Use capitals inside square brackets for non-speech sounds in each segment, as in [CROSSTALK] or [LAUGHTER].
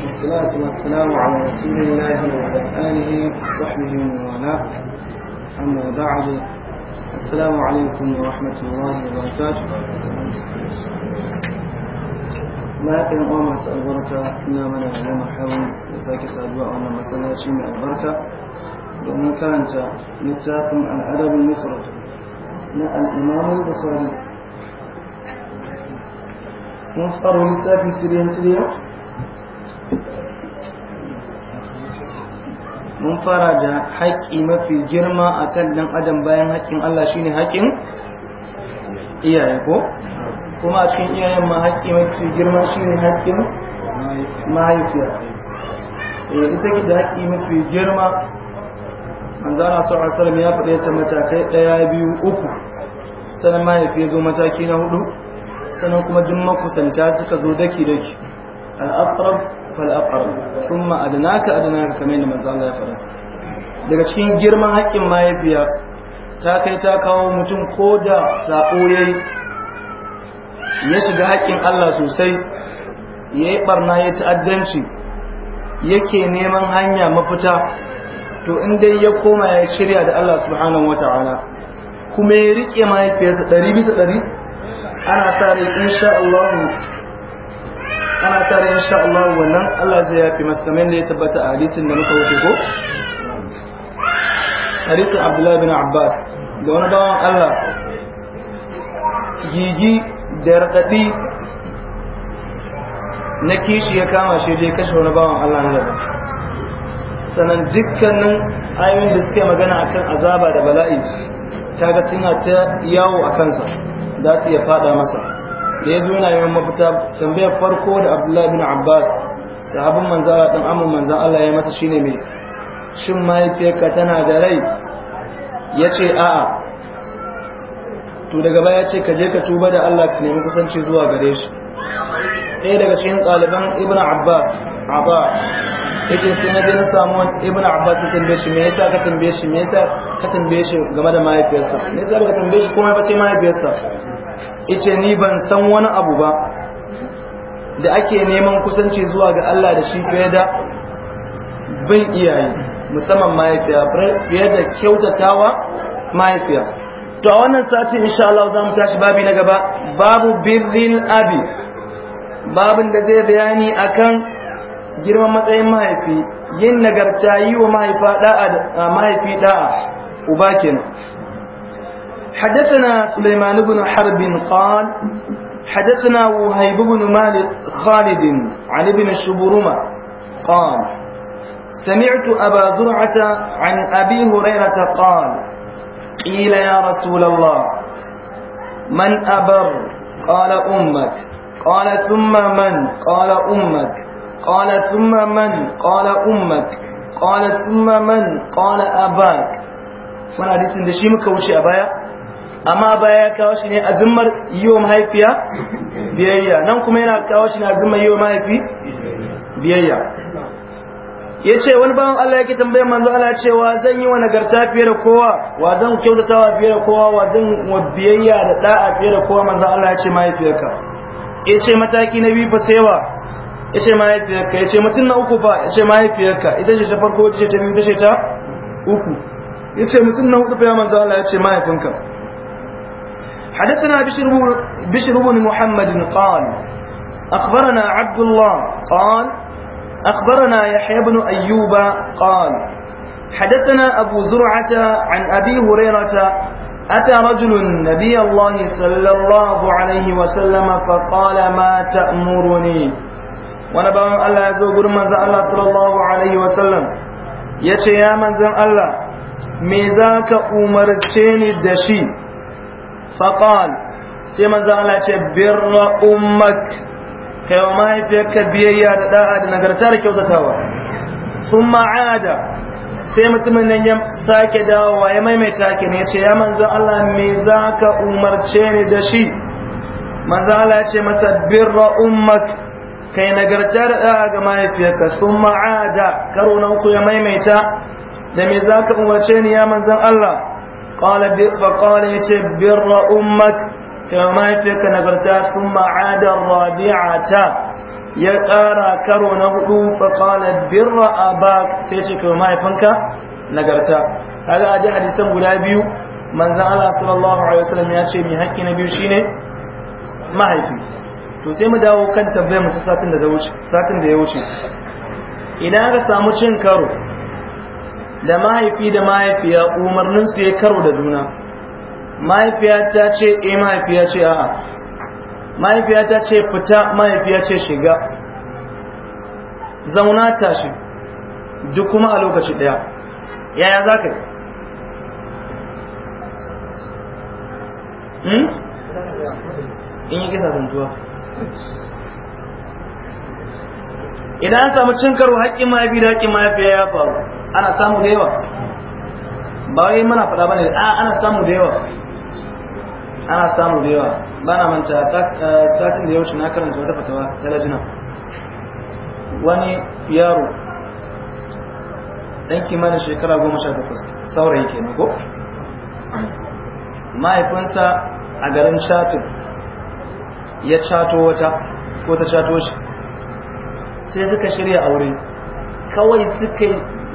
والصلاة والسلام على رسول الله وعلى آله وصحبه والاه أما بعد السلام عليكم ورحمة الله وبركاته ما يقين أمام أسأل بركة إنا من العلم الحرم يساك سأدوى أمام مسألة شمع البركة وإن كانت نتاكم الأدب المفرد من الإمام البخاري mun fara littafi tiriyan tiriyan mun fara da haƙƙi mafi girma a kan ɗan adam bayan haƙƙin Allah shine haƙƙin iyaye ko kuma a cikin iyayen ma haƙƙi mafi girma shine haƙƙin mahaifiya ita ke da haƙƙi mafi girma manzana sallallahu alaihi wasallam ya faɗi ta matakai ɗaya biyu uku sanan mahaifi ya zo mataki na hudu sannan kuma duk makusanta suka zo daki daki al-aqrab fal aqrab thumma adnaka adnaka kamar yadda manzo Allah ya fara daga cikin girman haƙƙin mahaifiya ta kai ta kawo mutum ko da sa'o yayi ya shiga hakkin Allah sosai yayi barna ɓarna ya ta'addanci yake neman hanya mafita to in dai ya koma ya shirya da Allah subhanahu wata'ala kuma ya riƙe mahaifiyarsa ɗari bisa ɗari ana tare insha Allah ana tare insha Allah wannan Allah zai yafi masa kamar da ya tabbata a hadisin da muka wuce ko hadisin Abdullahi bin Abbas da wani bawan Allah gigi da raɗaɗi na kishi ya kama shi ya kashe wani bawan Allah na daban sannan dukkanin ayoyin da suke magana akan azaba da bala'i kaga suna ta yawo a kansa za su iya fada masa da ya zo yana yawan mafita tambayar farko da abdullahi bin abbas sahabin manza Allah dan amin Allah ya masa shine me shin mahaifiyarka tana da rai ya ce a'a to daga baya ce ka je ka tuba da Allah ka nemi kusanci zuwa gare shi ɗaya daga cikin ɗaliban ibn abbas abba yake sai na na samu ibn abbas ta tambaye shi me yasa ka tambaye shi me yasa ka tambaye shi game da mahaifiyarsa me yasa ka tambaye shi kuma ba sai mahaifiyarsa yace ni ban san wani abu ba da ake neman kusanci zuwa ga Allah da shi fiye da bin iyaye musamman mahaifiya fiye da kyautatawa mahaifiya to a wannan sati insha Allah za mu tashi babi na gaba babu birrin abi babin da zai bayani akan girman matsayin mahaifi yin nagarta yi wa mahaifi da'a uba kenan حدثنا سليمان بن حرب قال حدثنا وهيب بن مالك خالد عن ابن الشبرمة قال سمعت أبا زرعة عن أبي هريرة قال قيل يا رسول الله من أبر قال أمك قال ثم من قال أمك قال ثم من قال أمك قال ثم من قال أباك wani hadisin da shi muka wuce a baya amma a baya ya kawo shi ne azimmar yi wa mahaifiya biyayya nan kuma yana kawo shi ne yi wa mahaifi biyayya ya ce wani bawan Allah yake tambayar manzo Allah cewa zan yi wa nagarta fiye da kowa wa zan kyautatawa fiye da kowa wa zan wa biyayya da da'a fiye da kowa manzo Allah ya ce mahaifiyarka ya ce mataki na biyu fa saiwa wa ya ce mahaifiyarka ya ce mutum na uku ba ya ce mahaifiyarka ita ce ta farko ce ta biyu ta ce ta uku ya ce mutum na hudu fa ya manzo Allah ya ce mahaifinka حدثنا بشر بشر بن محمد قال أخبرنا عبد الله قال أخبرنا يحيى بن أيوب قال حدثنا أبو زرعة عن أبي هريرة أتى رجل نبي الله صلى الله عليه وسلم فقال ما تأمرني ونبأ الله يزوج من الله صلى الله عليه وسلم يتي يا من الله ميزاك أمرتني دشي فقال سيما زعلا بر أمك كيوما يفيك بيئة دعا دنقر تارك يوزتاوا ثم عاد sai mutumin nan ya sake dawowa ya maimaita ki ne ce ya manzo Allah me za ka umarce ni da shi manzo Allah ya ce masa birra ummak kai nagartar da ga mahaifiyarka sun ma'ada karo na uku ya maimaita da me za ka umarce ni ya manzo Allah qala bi fa qala ya ce birra ummak kai mahaifiyarka nagarta sun ma'ada rabi'ata ya ƙara karo na hudu faƙala birra a ba sai ce kawai mahaifinka nagarta kaga a ji hadisan guda biyu manzan Allah sallallahu alaihi wasallam ya ce mai haƙƙi na biyu shine mahaifi to sai mu dawo kan tambayar mu ta satin da wuce satin da ya wuce idan aka samu cin karo da mahaifi da mahaifiya umarnin su ya karo da juna mahaifiya ta ce eh mahaifiya ce a'a mahaifiya ta ce fita mahaifiya ce shiga zauna tashi duk kuma a lokaci daya yaya za ka yi hmm? in yi kisa zantuwa idan an samu cin karo haƙƙin mahaifi da haƙƙin mahaifiya ya faru ana samu da yawa ba wai mana faɗa ba ne ana samu da yawa ana samu da yawa ba na manta eh, satin da ya wuce na karanta wata fatawa ta lajina wani yaro ɗan kimanin shekara goma sha takwas saurayi ke nago mahaifinsa a garin chatin ya cato wata ko ta cato shi sai suka shirya aure kawai suka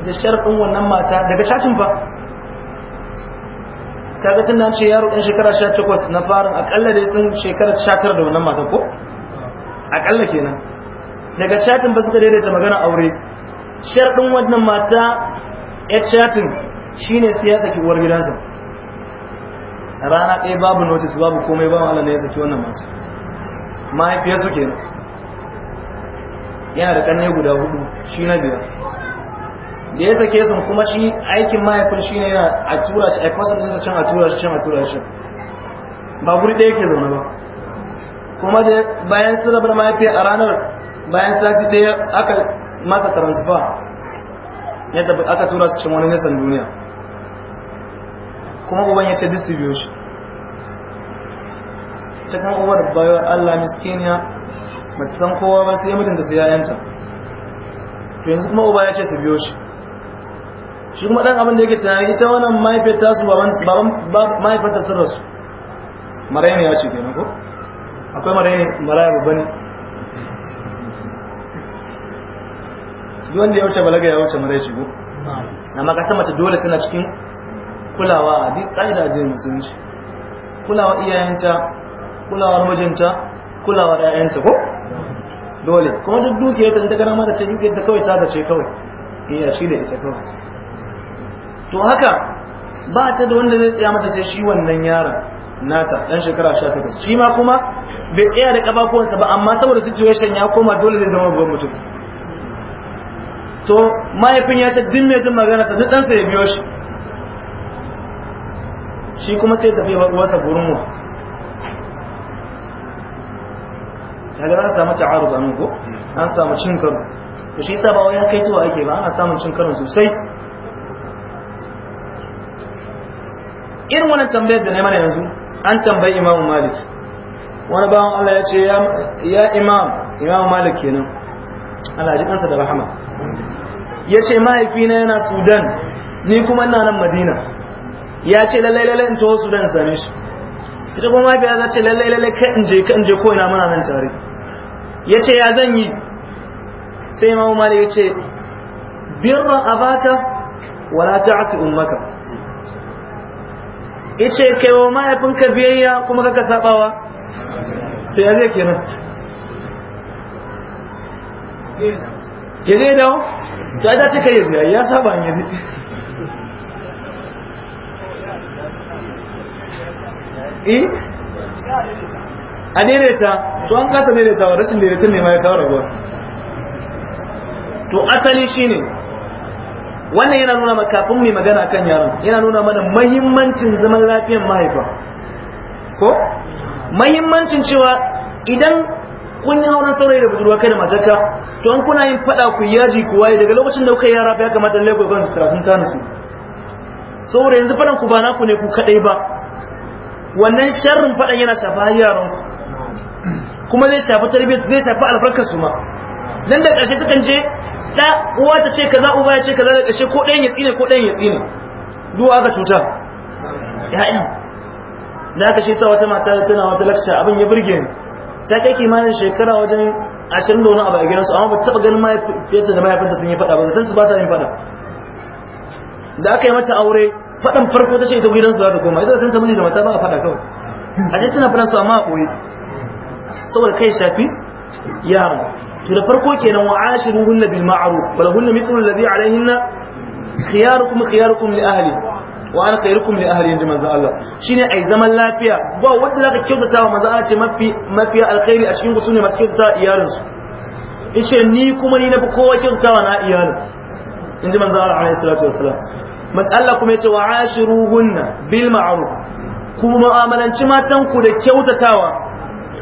da sharfin wannan mata daga cacin ba. kaga tunda an ce yaro ɗan shekara 18 na farin akalla dai sun shekara 19 da wannan matan ko akalla kenan daga chatin ba suka daidaita magana aure sharɗin wannan mata ya chatin shine sai ya saki uwar gidansa rana ɗaya babu notice babu komai ba Allah ne ya saki wannan mata mahaifiyarsu kenan yana da ƙanne guda hudu shi na biyar da ya sake su kuma shi aikin mahaifin shi ne yana a tura shi a kwasa ɗinsa can a tura shi can a tura shi ba guri ɗaya ke zaune ba kuma da bayan su zabar mahaifi a ranar bayan sati ɗaya aka mata transfer yadda aka tura su cikin wani nisan duniya kuma uban ya ce distribution shi ta kan uwar bayar allah miskiniya ba san kowa ba sai mutunta su yayanta yanzu kuma uba ya ce su biyo shi shi kuma dan abin da yake tunani ita wannan mahaifiyar ta su baban baban mahaifar ta sun rasu marayi ne ya ce kenan ko akwai marayi maraya babban wanda ya wuce balaga ya wuce marayi shigo amma ka san mace dole tana cikin kulawa a duk ƙa'ida da musulunci kulawa iyayenta kulawar mijinta kulawar 'ya'yanta ko dole kuma duk dukiyar ta ta gana mata ce dukiyar ta kawai ta ce kawai iya eh, shi da ita kawai to haka ba ta da wanda zai tsaya mata sai shi wannan yaron nata dan shekara 18 shi ma kuma bai tsaya da kafafuwansa ba amma saboda situation ya koma dole zai zama babban mutum to mahaifin ya ce din mai jin magana ta duk ɗansa ya biyo shi shi kuma sai tafi wasa gurin mu. kaga an samu ta'arud an ko an samu cin karo to shi yasa ba wai kai tuwa ake ba ana samun cin karo sosai irin wannan tambayar da na mana yanzu an tambayi imam malik wani bawan Allah ya ce ya imam imam malik kenan Allah ji kansa da rahama ya ce mahaifina yana sudan ni kuma ina nan madina ya ce lallai lallai in taho sudan same shi ita kuma mahaifiya za ce lallai lallai kai in je ka in je ko ina muna nan tare ya ce ya zan yi sai imam malik ya ce birra abaka wala ta'asi ummaka yace kai wa mahaifinka biyayya kuma kaka sabawa sai ya zai kenan ya zai dawo Sai ai dace kai ya ya saba ya zai eh a daidaita to an kasa wa rashin daidaitun ne ma ya kawo rabuwa to asali shine wannan yana nuna maka kafin yi magana kan yaron yana nuna mana mahimmancin zaman lafiyar mahaifa ko mahimmancin cewa idan kun yi auren saurayi da budurwa kai da matarka to an kuna yin fada ku yaji ku waye daga lokacin da kuka yi yara ya kamata lalle ku kan kafin ta su saboda yanzu fadan ku ba naku ne ku kadai ba wannan sharrin fadan yana shafa yaron kuma zai shafi tarbiyyar zai shafi albarkar su ma nan da karshe takan je da uwa ta ce kaza uba ya ce kaza da kashe ko ɗayan ya tsine ko ɗayan ya tsine duwa aka cuta ya'i da aka shi sa wata mata tana wata lakca abin ya burge ni ta kai kimanin shekara wajen ashirin da wani abu a gidansu amma ba taɓa ganin mahaifiyarta da mahaifinta sun yi faɗa ba zaton su ba ta yin faɗa da aka yi mata aure faɗan farko ta ce ita gidansu za ta koma ita zaton ta muni da mata ba a faɗa kawai a ce suna faɗa su amma a ɓoye saboda kai shafi yaran to da farko kenan wa ashiruhunna bil ma'ruf wa lahunna mithlu alladhi alayhinna khiyarukum khiyarukum li ahli wa ana khairukum li ahli inda manzo Allah shine ai zaman lafiya ba wanda zaka kyautata wa manzo Allah ce mafi mafi alkhairi a cikin gusune masu kyautata iyalin su yace ni kuma ni nafi kowa kyautata na iyalin inda manzo Allah alayhi salatu wassalam man Allah kuma yace wa ashiruhunna bil ma'ruf kuma mu'amalanci matan ku da kyautatawa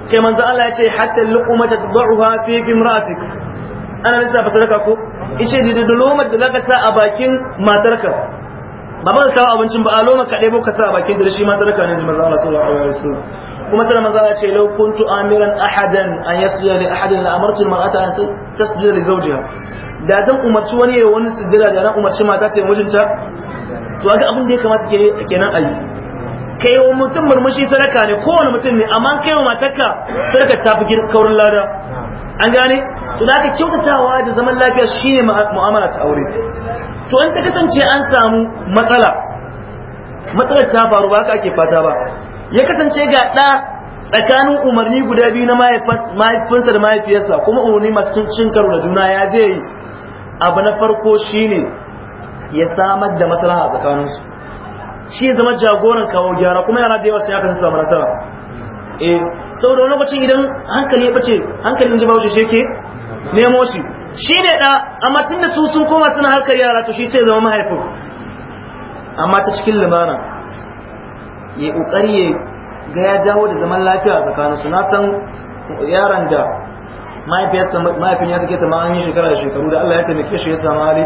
kai manzo Allah ya ce hatta luqmata tad'uha fi imratik ana lissafa sadaka ko ice da da lomar da zaka sa a bakin matarka ba ba ka abincin ba a lomar ka ɗebo ka sa a bakin da shi matarka ne manzo Allah sallallahu alaihi wasallam kuma sai manzo Allah ya ce law kuntu amiran ahadan an yasjuda li ahadin la amartu al-mar'ata an tasjuda li zawjiha da zan umarci wani ya wani sujjada da na umarci mata ta yi mijinta to ga abin da ya kamata kenan ayi kai wa mutum murmushi sadaka ne kowane mutum ne amma kai wa matarka sadaka ta fi kaurin lada an gane to da aka kyautatawa da zaman lafiya shine mu'amala ta aure to in ta kasance an samu matsala matsalar ta faru ba haka ake fata ba ya kasance ga ɗa tsakanin umarni guda biyu na mahaifinsa da mahaifiyarsa kuma umarni masu cin karo da juna ya zai yi abu na farko shine ya samar da maslaha tsakaninsu shi ya zama jagoran kawo gyara kuma yana da yawa sai aka samu nasara eh saboda wani lokacin idan hankali ya bace hankalin ji bawo shi ke nemo shi shi ne da amma tunda su sun koma suna harkar yara to shi sai zama mahaifin amma ta cikin lumana ya kokari ya ga ya dawo da zaman lafiya a su na san yaran da mahaifin ya kake ta ma'anin shekara da shekaru da Allah ya taimake shi ya samu hali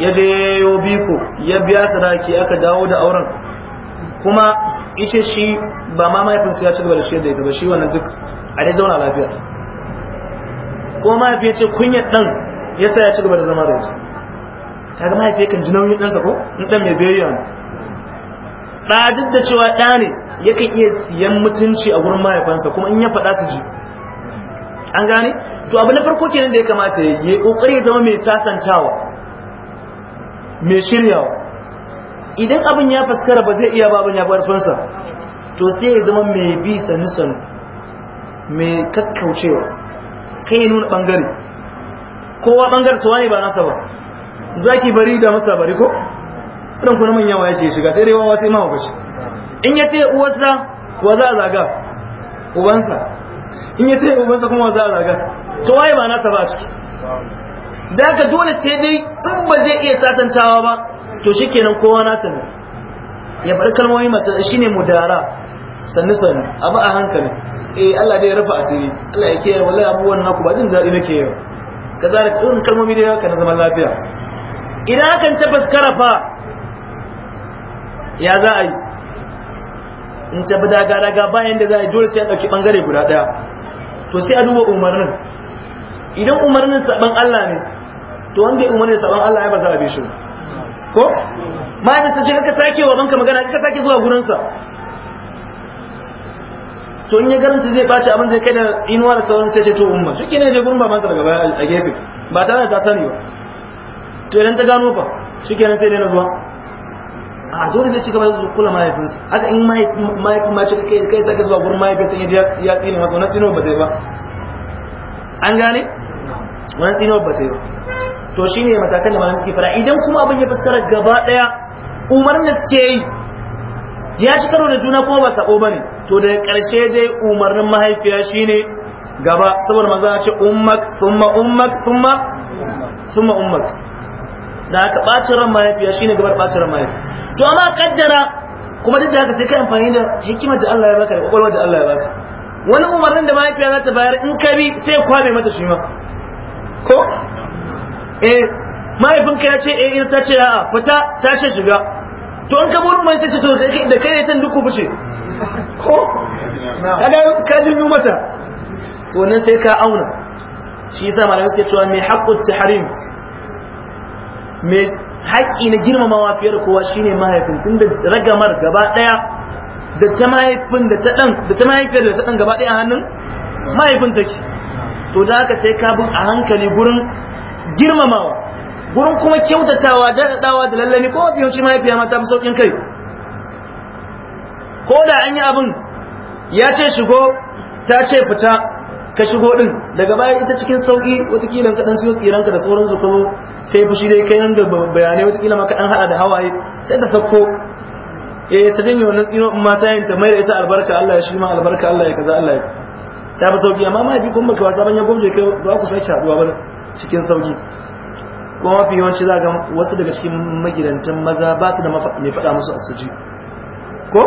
ya je yayo biko ya biya sadaki aka dawo da auren kuma ita shi ba ma mahaifinsa ya ci gaba da shi yadda ya ba shi wannan duk a dai zauna lafiya ko mahaifi ya ce kunyar dan ya sa ya ci gaba da zama da ga kaga mahaifi kan ji nauyin ɗansa ko in ɗan mai biyayya ne ɗa duk da cewa ɗa ne ya kan iya siyan mutunci a gurin mahaifansa kuma in ya faɗa su ji an gane to abu na farko kenan da ya kamata ya yi ƙoƙari ya zama mai sasantawa mai shiryawa idan abin ya faskara ba zai iya ba abin ya bar fansa to sai ya zama mai bi sanisan mai kakkaucewa kai nuna bangare kowa bangar suwa ne ba nasa ba zaki bari da masa bari ko ɗan kuna manya wa yake shiga sai dai wawa sai mawa bace in ya taya uwarsa wa za a zaga ubansa in ya taya ubansa kuma wa za a zaga to ne ba nasa ba a ciki da haka dole sai dai in ba zai iya satantawa ba to shikenan kowa na ne ya bari kalmomi masu ne mudara sannu sannu abu a hankali eh Allah dai ya rufa asiri Allah ya kiyaye wallahi abubuwan naku ba jin daɗi nake yau Ka zara irin kalmomi da haka na zaman lafiya idan hakan ta faskara fa ya za a yi in ta bada daga daga bayan da za a yi dole sai a ɗauki ɓangare guda ɗaya to sai a duba umarnin idan umarnin saban Allah ne to wanda ya umarni sabon Allah ya ba zarabe a shi ko ya ce kaka sake wa banka magana kaka sake zuwa gurinsa to in ya garanta zai baci abin zai kai da inuwa da sauran sai ce to umma shi kine je ba masa daga baya a gefe ba tare da ta sani ba to idan ta gano fa shi kenan sai daina zuwa a dole zai ci gaba da kula mahaifinsa haka in mahaifin ma shi kai kai sake zuwa gurin mahaifinsa ya ya tsine masa wannan tsinuwar ba zai ba an gane wannan tsinuwar ba zai ba to shi ne matakan da malam suke fara idan kuma abin ya fassara gaba daya umarnin da suke yi ya ci karo da juna kuma ba sabo ne. to da karshe dai umarnin mahaifiya ne gaba saboda manzo a ce ummak summa ummak summa-summa, ummak da aka bacin ran mahaifiya ne gabar bacin ran mahaifiya to amma kaddara kuma duk da haka sai ka amfani da hikimar da Allah ya baka da kwakwalwar da Allah ya baka wani umarnin da mahaifiya za ta bayar in ka bi sai kwabe mata shi ma ko eh mahaifinka ya ce eh ta ce a'a fita ta ce shiga to an kama wani mai ta ce to da kai ne tan duk fice ko kaga ka jinyu mata to nan sai ka auna shi yasa malamai suke cewa mai haqqut tahrim mai haƙƙi na girmamawa fiye da kowa shine mahaifin tunda ragamar gaba daya da ta mahaifin da ta dan da ta mahaifiyar da ta dan gaba daya hannun mahaifin take to da haka sai ka bin a hankali gurin girmamawa gurin kuma kyautatawa daɗaɗawa da lallani ko biyanci mahaifiya mata fi sauƙin kai ko da an yi abin ya ce shigo ta ce fita ka shigo ɗin daga baya ita cikin sauƙi watakila ka ɗan siyo tsiranka da sauran su kuma sai fushi dai kai nan da bayanai watakila maka ɗan haɗa da hawaye sai ta sauko eh ta janye wannan tsino in mata yin ta mai da ita albarka Allah ya shi ma albarka Allah ya kaza Allah ya ta fi sauƙi amma mahaifi kuma ka wasa ban ya gomje kai ba ku sake haɗuwa ba cikin sauki kuma mafi yawanci za ga wasu daga cikin magidantan maza ba su da mai faɗa musu asuji ko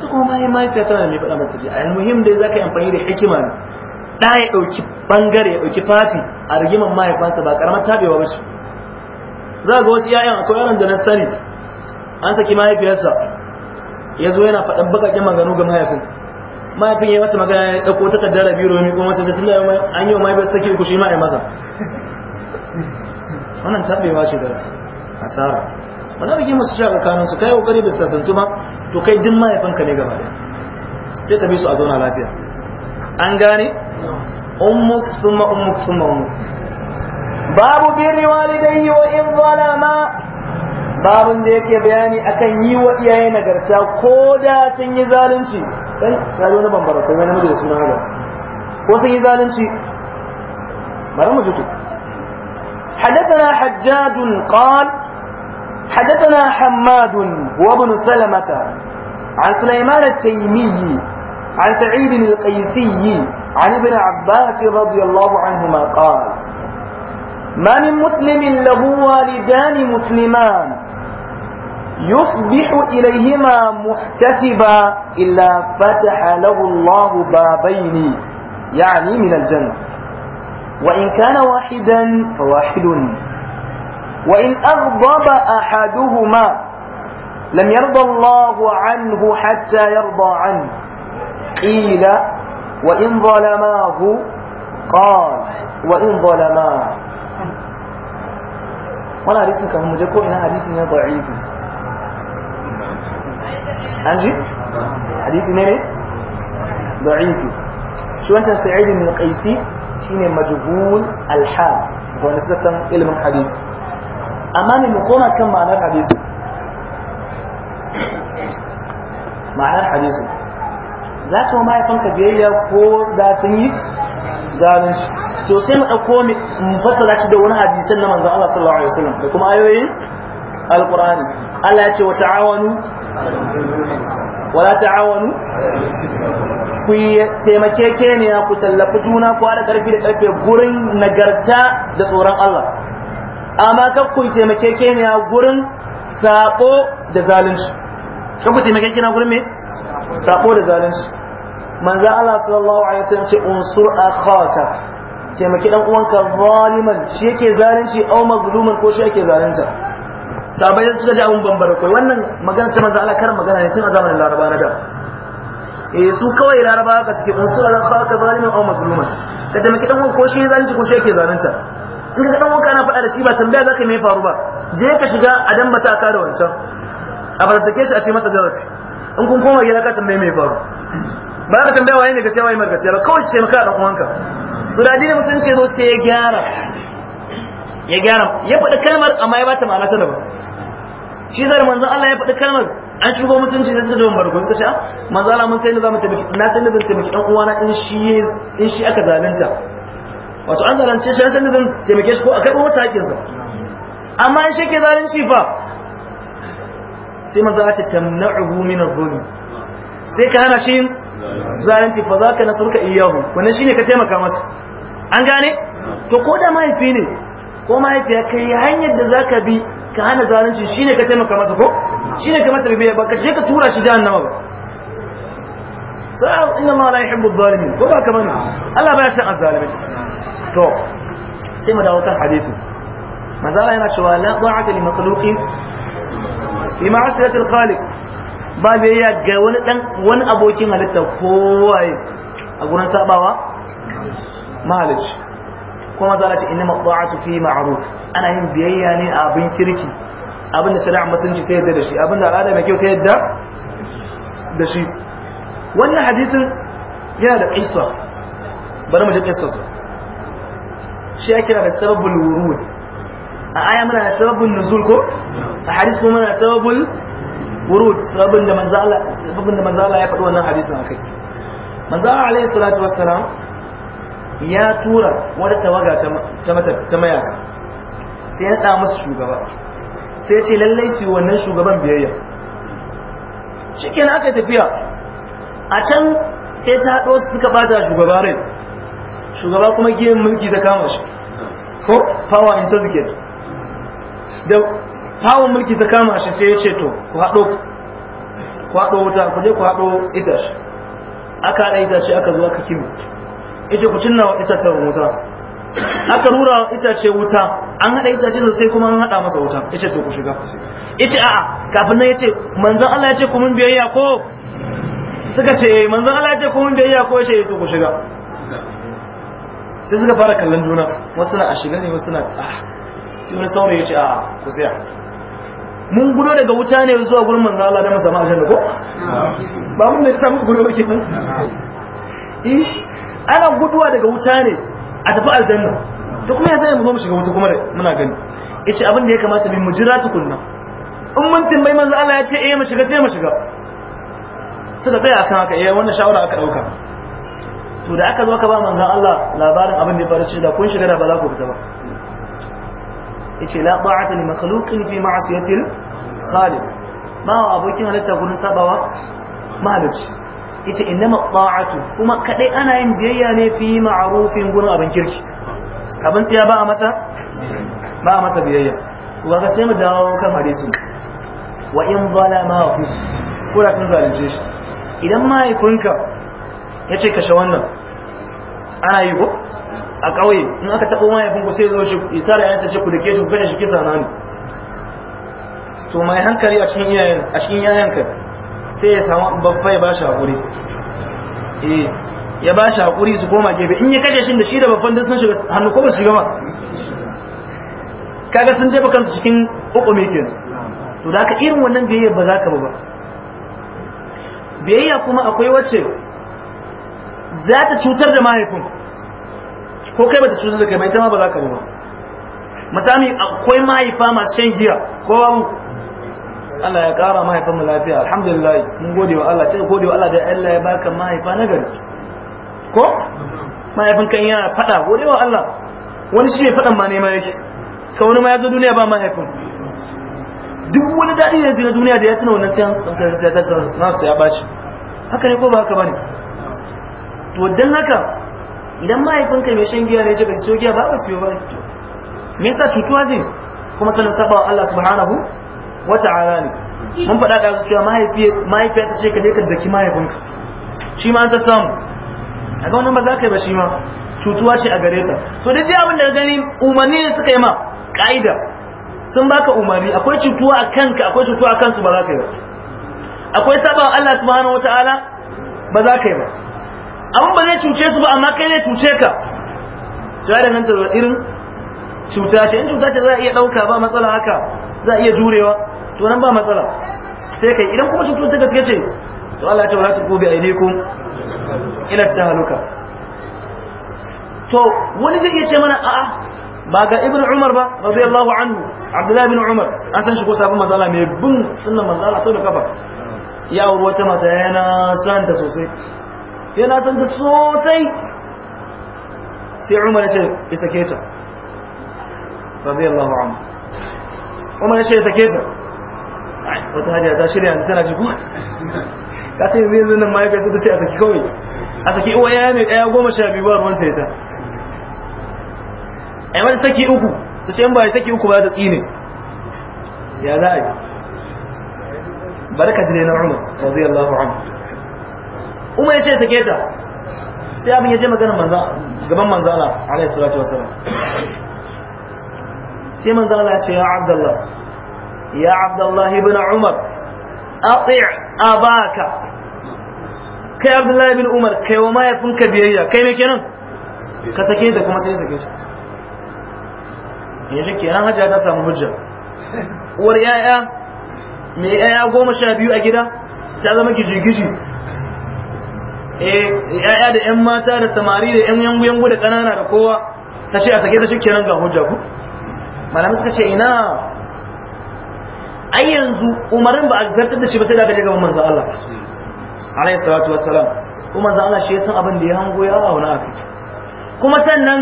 ta kuma ma yi mahaifiya tana mai faɗa musu ji a muhim dai za ka yi amfani da hikima ne ɗa ya ɗauki ɓangare ya ɗauki fati a rigiman mahaifansa ba ƙaramar tabewa ba ce za ga wasu 'ya'yan akwai yaron da na sani an saki mahaifiyarsa ya zo yana faɗan baƙaƙen maganu ga mahaifin mahaifin ya masa magana ya ɗauko kaddara biyu domin kuma masa tunda an yi wa mahaifin sake uku shi ma a masa wannan tabbewa ce da asara wani abin masu sha tsakanin su kai kokari da sasantu ma to kai din ka ne gaba da sai ka bi su a zauna lafiya an gane ummuk thumma ummuk thumma ummuk babu walidayhi wa in zalama babun da yake bayani akan yi wa iyaye nagarta ko da sun yi zalunci kai ya zo na bambara kai wani namiji da suna haja ko sun yi zalunci bari mu fito حدثنا حجاج قال حدثنا حماد وابن سلمة عن سليمان التيمي عن سعيد القيسي عن ابن عباس رضي الله عنهما قال ما من مسلم له والدان مسلمان يصبح إليهما محتسبا إلا فتح له الله بابين يعني من الجنة وإن كان واحدا فواحد وإن أغضب أحدهما لم يرضى الله عنه حتى يرضى عنه قيل وإن ظلماه قال وإن ظلماه وانا حديث كان مجكو إن حديث ضعيف anji hadithi ne ne da'ifi shi wancan sa'id ibn qaisi shine majhul al-hal ko ne sasan ilmin hadith amma ne mu koma kan ma'anar hadith ma'anar hadith za ka mahaifanka biyayya ko da sun yi zalunci to sai mu ɗauko mu fassara shi da wani hadisan na manzon Allah sallallahu alaihi wasallam da kuma ayoyin alqur'ani Allah ya ce wa ta'awanu wala ta'awanu ku taimake ne ku tallafi juna ku haɗa ƙarfi da ƙarfe gurin nagarta da tsoron Allah amma kar ku taimake ne gurin sako da zalunci kar ku taimake ne gurin me sako da zalunci manzo Allah sallallahu alaihi wasallam ce unsur akhaka taimaki dan uwanka zaliman shi yake zalunci au mazluman ko shi yake zalunta sabai suka ji abun bambara kai wannan magana ta manzo Allah kar magana ne tun a zamanin Laraba na da eh su kawai Laraba ka suke mun su da saka zalimin au mazluman ka da miki dan ko shi zalunci ko shi yake zalunta in ka dan wanka na faɗa da shi ba tambaya zaka me faru ba je ka shiga a dan mata ka da wancan a barzake shi a ce masa jarar in kun koma gida ka tambaye me faru ba za ka tambaya waye ne gaskiya waye mai gaskiya ba kawai ce maka dan uwanka to da dinin musulunci zo sai ya gyara ya gyara ya faɗi kalmar amma ya bata ma'ana ta ba shi zai manzon Allah ya faɗi kalmar an shigo musulunci sai da barko suka ko ah manzon Allah mun sai ne zamu taimaki na sai ne zan taimaki dan uwana in shi in shi aka zalunta wato an zalunce shi sai ne zan taimake shi ko a karɓo masa haƙƙinsa amma in shi ke zalunci fa sai manzon Allah ta tamna'uhu min adh-dhulm sai ka hana shi zalunci fa zaka nasruka iyyahu wannan shine ka taimaka masa an gane to ko da mahaifi ne ko mahaifiya kai hanyar da zaka bi ka hana zalunci shine ka taimaka masa ko shine ka masa bibiya ba ka je ka tura shi jahannama ba sa'a inna ma la yuhibbu adh-dhalimin ko ba kaman Allah ba ya san azzalimin to sai mu dawo kan hadisi maza yana cewa la da'ata li makhluqin fi ma'asiyati al-khaliq ba bai ya ga wani dan wani abokin halitta kowaye a gurin sabawa mahalici kuma za a ce inna mabba'atu fi ma'ruf ana yin biyayya ne a abin kirki abin da shari'a musulunci ta yadda da shi abin da al'ada mai kyau ta yadda da shi wannan hadisin yana da qissa bari mu ji qissarsa shi ya da sababul wurud a aya muna da sababul nuzul ko a hadis kuma muna da sababul wurud Sababul da manzo Allah sababin da manzo Allah ya faɗi wannan hadisin akai manzo Allah alaihi salatu wassalam ya tura wani tawaga ta mayaka sai ya ɗa musu shugaba sai ce lallai su yi wannan shugaban biyayya shi kenan aka tafiya a can sai ta haɗo su suka ɓata shugaba rai shugaba kuma giyan mulki ta kama shi ko power intoxicate da power mulki ta kama shi sai ya ce to ku haɗo ku haɗo wuta ku je ku haɗo itace aka haɗa itace aka zo aka kimi yace ku cinna wa itacen wuta aka rura wa itace wuta an hada itace da sai kuma an hada masa wuta yace to ku shiga ku yace a'a kafin nan yace manzon Allah yace ku mun biyayya ko suka ce eh, manzon Allah yace ku mun biyayya ko yace eh, to ku shiga sai suka fara kallon juna wasu na a shiga ne wasu na a ah. sai wani saurayi yace a'a ku tsaya mun gudo daga wuta ne zuwa gurin manzo Allah da masa samu da ko ba mun da samu gudo kike nan eh ana guduwa daga wuta ne a tafi aljanna to kuma yanzu mu zo mu shiga wuta kuma muna gani yace abin da ya kamata mu jira kunna in mun tambayi manzo Allah ya ce eh mu shiga sai mu shiga suka tsaya akan haka eh wannan shawara aka dauka to da aka zo aka ba manzo Allah labarin abin da ya faru ce da kun shiga da ba za ku fita ba yace la ba'ata li makhluqin fi ma'siyatil khaliq ma abokin halitta gurin sabawa mahalicci yace innama ta'atu kuma kadai ana yin biyayya ne fi ma'rufin gurin abin kirki abin tsaya ba a masa ba a masa biyayya to ga sai mu dawo kan hadisi wa in zalama ku kura sun zalunce shi idan mahaifinka yace kashe wannan ana yi ko a ƙauye in aka taɓo mahaifinku sai zo shi ya tara yansa ce ku da ke shi ku kashe shi kisa na ne to mai hankali a cikin a cikin yayanka sai ya samu babba ya bashi hakuri eh ya bashi hakuri su koma gefe in ya kashe shi da shi da babban da sun shiga hannu ko ba shiga ba kaga sun jefa kansu cikin uku mekin to da ka irin wannan biyayya ba za ka ba biyayya kuma akwai wacce za ta cutar da mahaifin ko kai ba ta cutar da kai ba ita ma ba za ka ba misali akwai mahaifa masu shan giya ko babu Allah ya kara mahaifan mu lafiya alhamdulillah mun gode wa Allah sai gode wa Allah da Allah ya baka mahaifa na gari ko mahaifin kan yana fada gode wa Allah wani shi ne fadan ma neman yake ka wani ma ya zo duniya ba mahaifin duk wani daɗi ne zina duniya da ya tuna wannan sai ta nasa ya bashi haka ne ko ba haka bane to dan haka idan kan ya shan giya ne ya ce ka siyo giya ba su siyo ba me yasa tutuwa zai kuma sanin sabawa Allah subhanahu wata ala ne mun faɗa da cewa mahaifiya ta ce ka je ka daki mahaifinka shi ma an ta samu a ga wani ba za ka yi ba shi ma cutuwa ce a gare ta to duk abin da gani umarni ne suka yi ma ka'ida sun baka umarni akwai cutuwa a kanka akwai cutuwa a kansu ba za ka yi ba akwai saba Allah subhanahu wataala ba za ka yi ba abin ba zai cuce su ba amma kai ne cuce ka sai da nan da irin cuta ce in cuta ce za a iya ɗauka ba matsala haka za a iya jurewa to nan ba matsala sai kai idan kuma cutar ta gaske ce to Allah ya ce wala tuqu bi aydikum ila tahaluka to wani zai iya ce mana a'a ba ga ibnu umar ba radiyallahu anhu abdullahi ibn umar an san shi ko sabon manzala mai bin sunnan manzala sau da kafa ya auri wata mata yana san ta sosai yana san ta sosai sai umar ya ce ya sake ta radiyallahu anhu umar ya ce ya sake ta wata hanya ta shirya yanzu tana jikuwa ka sai zai zai nan mahaifiyar ta ce a saki kawai a saki uwa ya mai ɗaya goma sha biyu ba ruwan ta ita a yi saki uku ta ce yan bayan ya saki uku ba ta tsine ya za a yi bari ka ji na umar radiyallahu anhu umar ya ce sake ta sai abin ya ce magana manza gaban manzala alaihi salatu wasallam sai manzala ya ce ya abdallah يا عبد الله بن عمر أطع أباك كي عبد الله بن عمر كي وما يكون كبيريا كي مكينا كسكين دكما سيسكين yanzu kenan hajja ta samu hujja uwar yaya mai yaya goma sha biyu a gida ta zama gishi-gishi eh yaya da yan mata da samari da yan yangu-yangu da kanana da kowa ta ce a sake shi kenan ga hujja ku malamai suka ce ina ai yanzu umarin ba a zartar da shi ba sai da aka gaban manzo Allah alayhi salatu wassalam kuma manzo Allah shi ya san abin da ya hango ya auna akai kuma sannan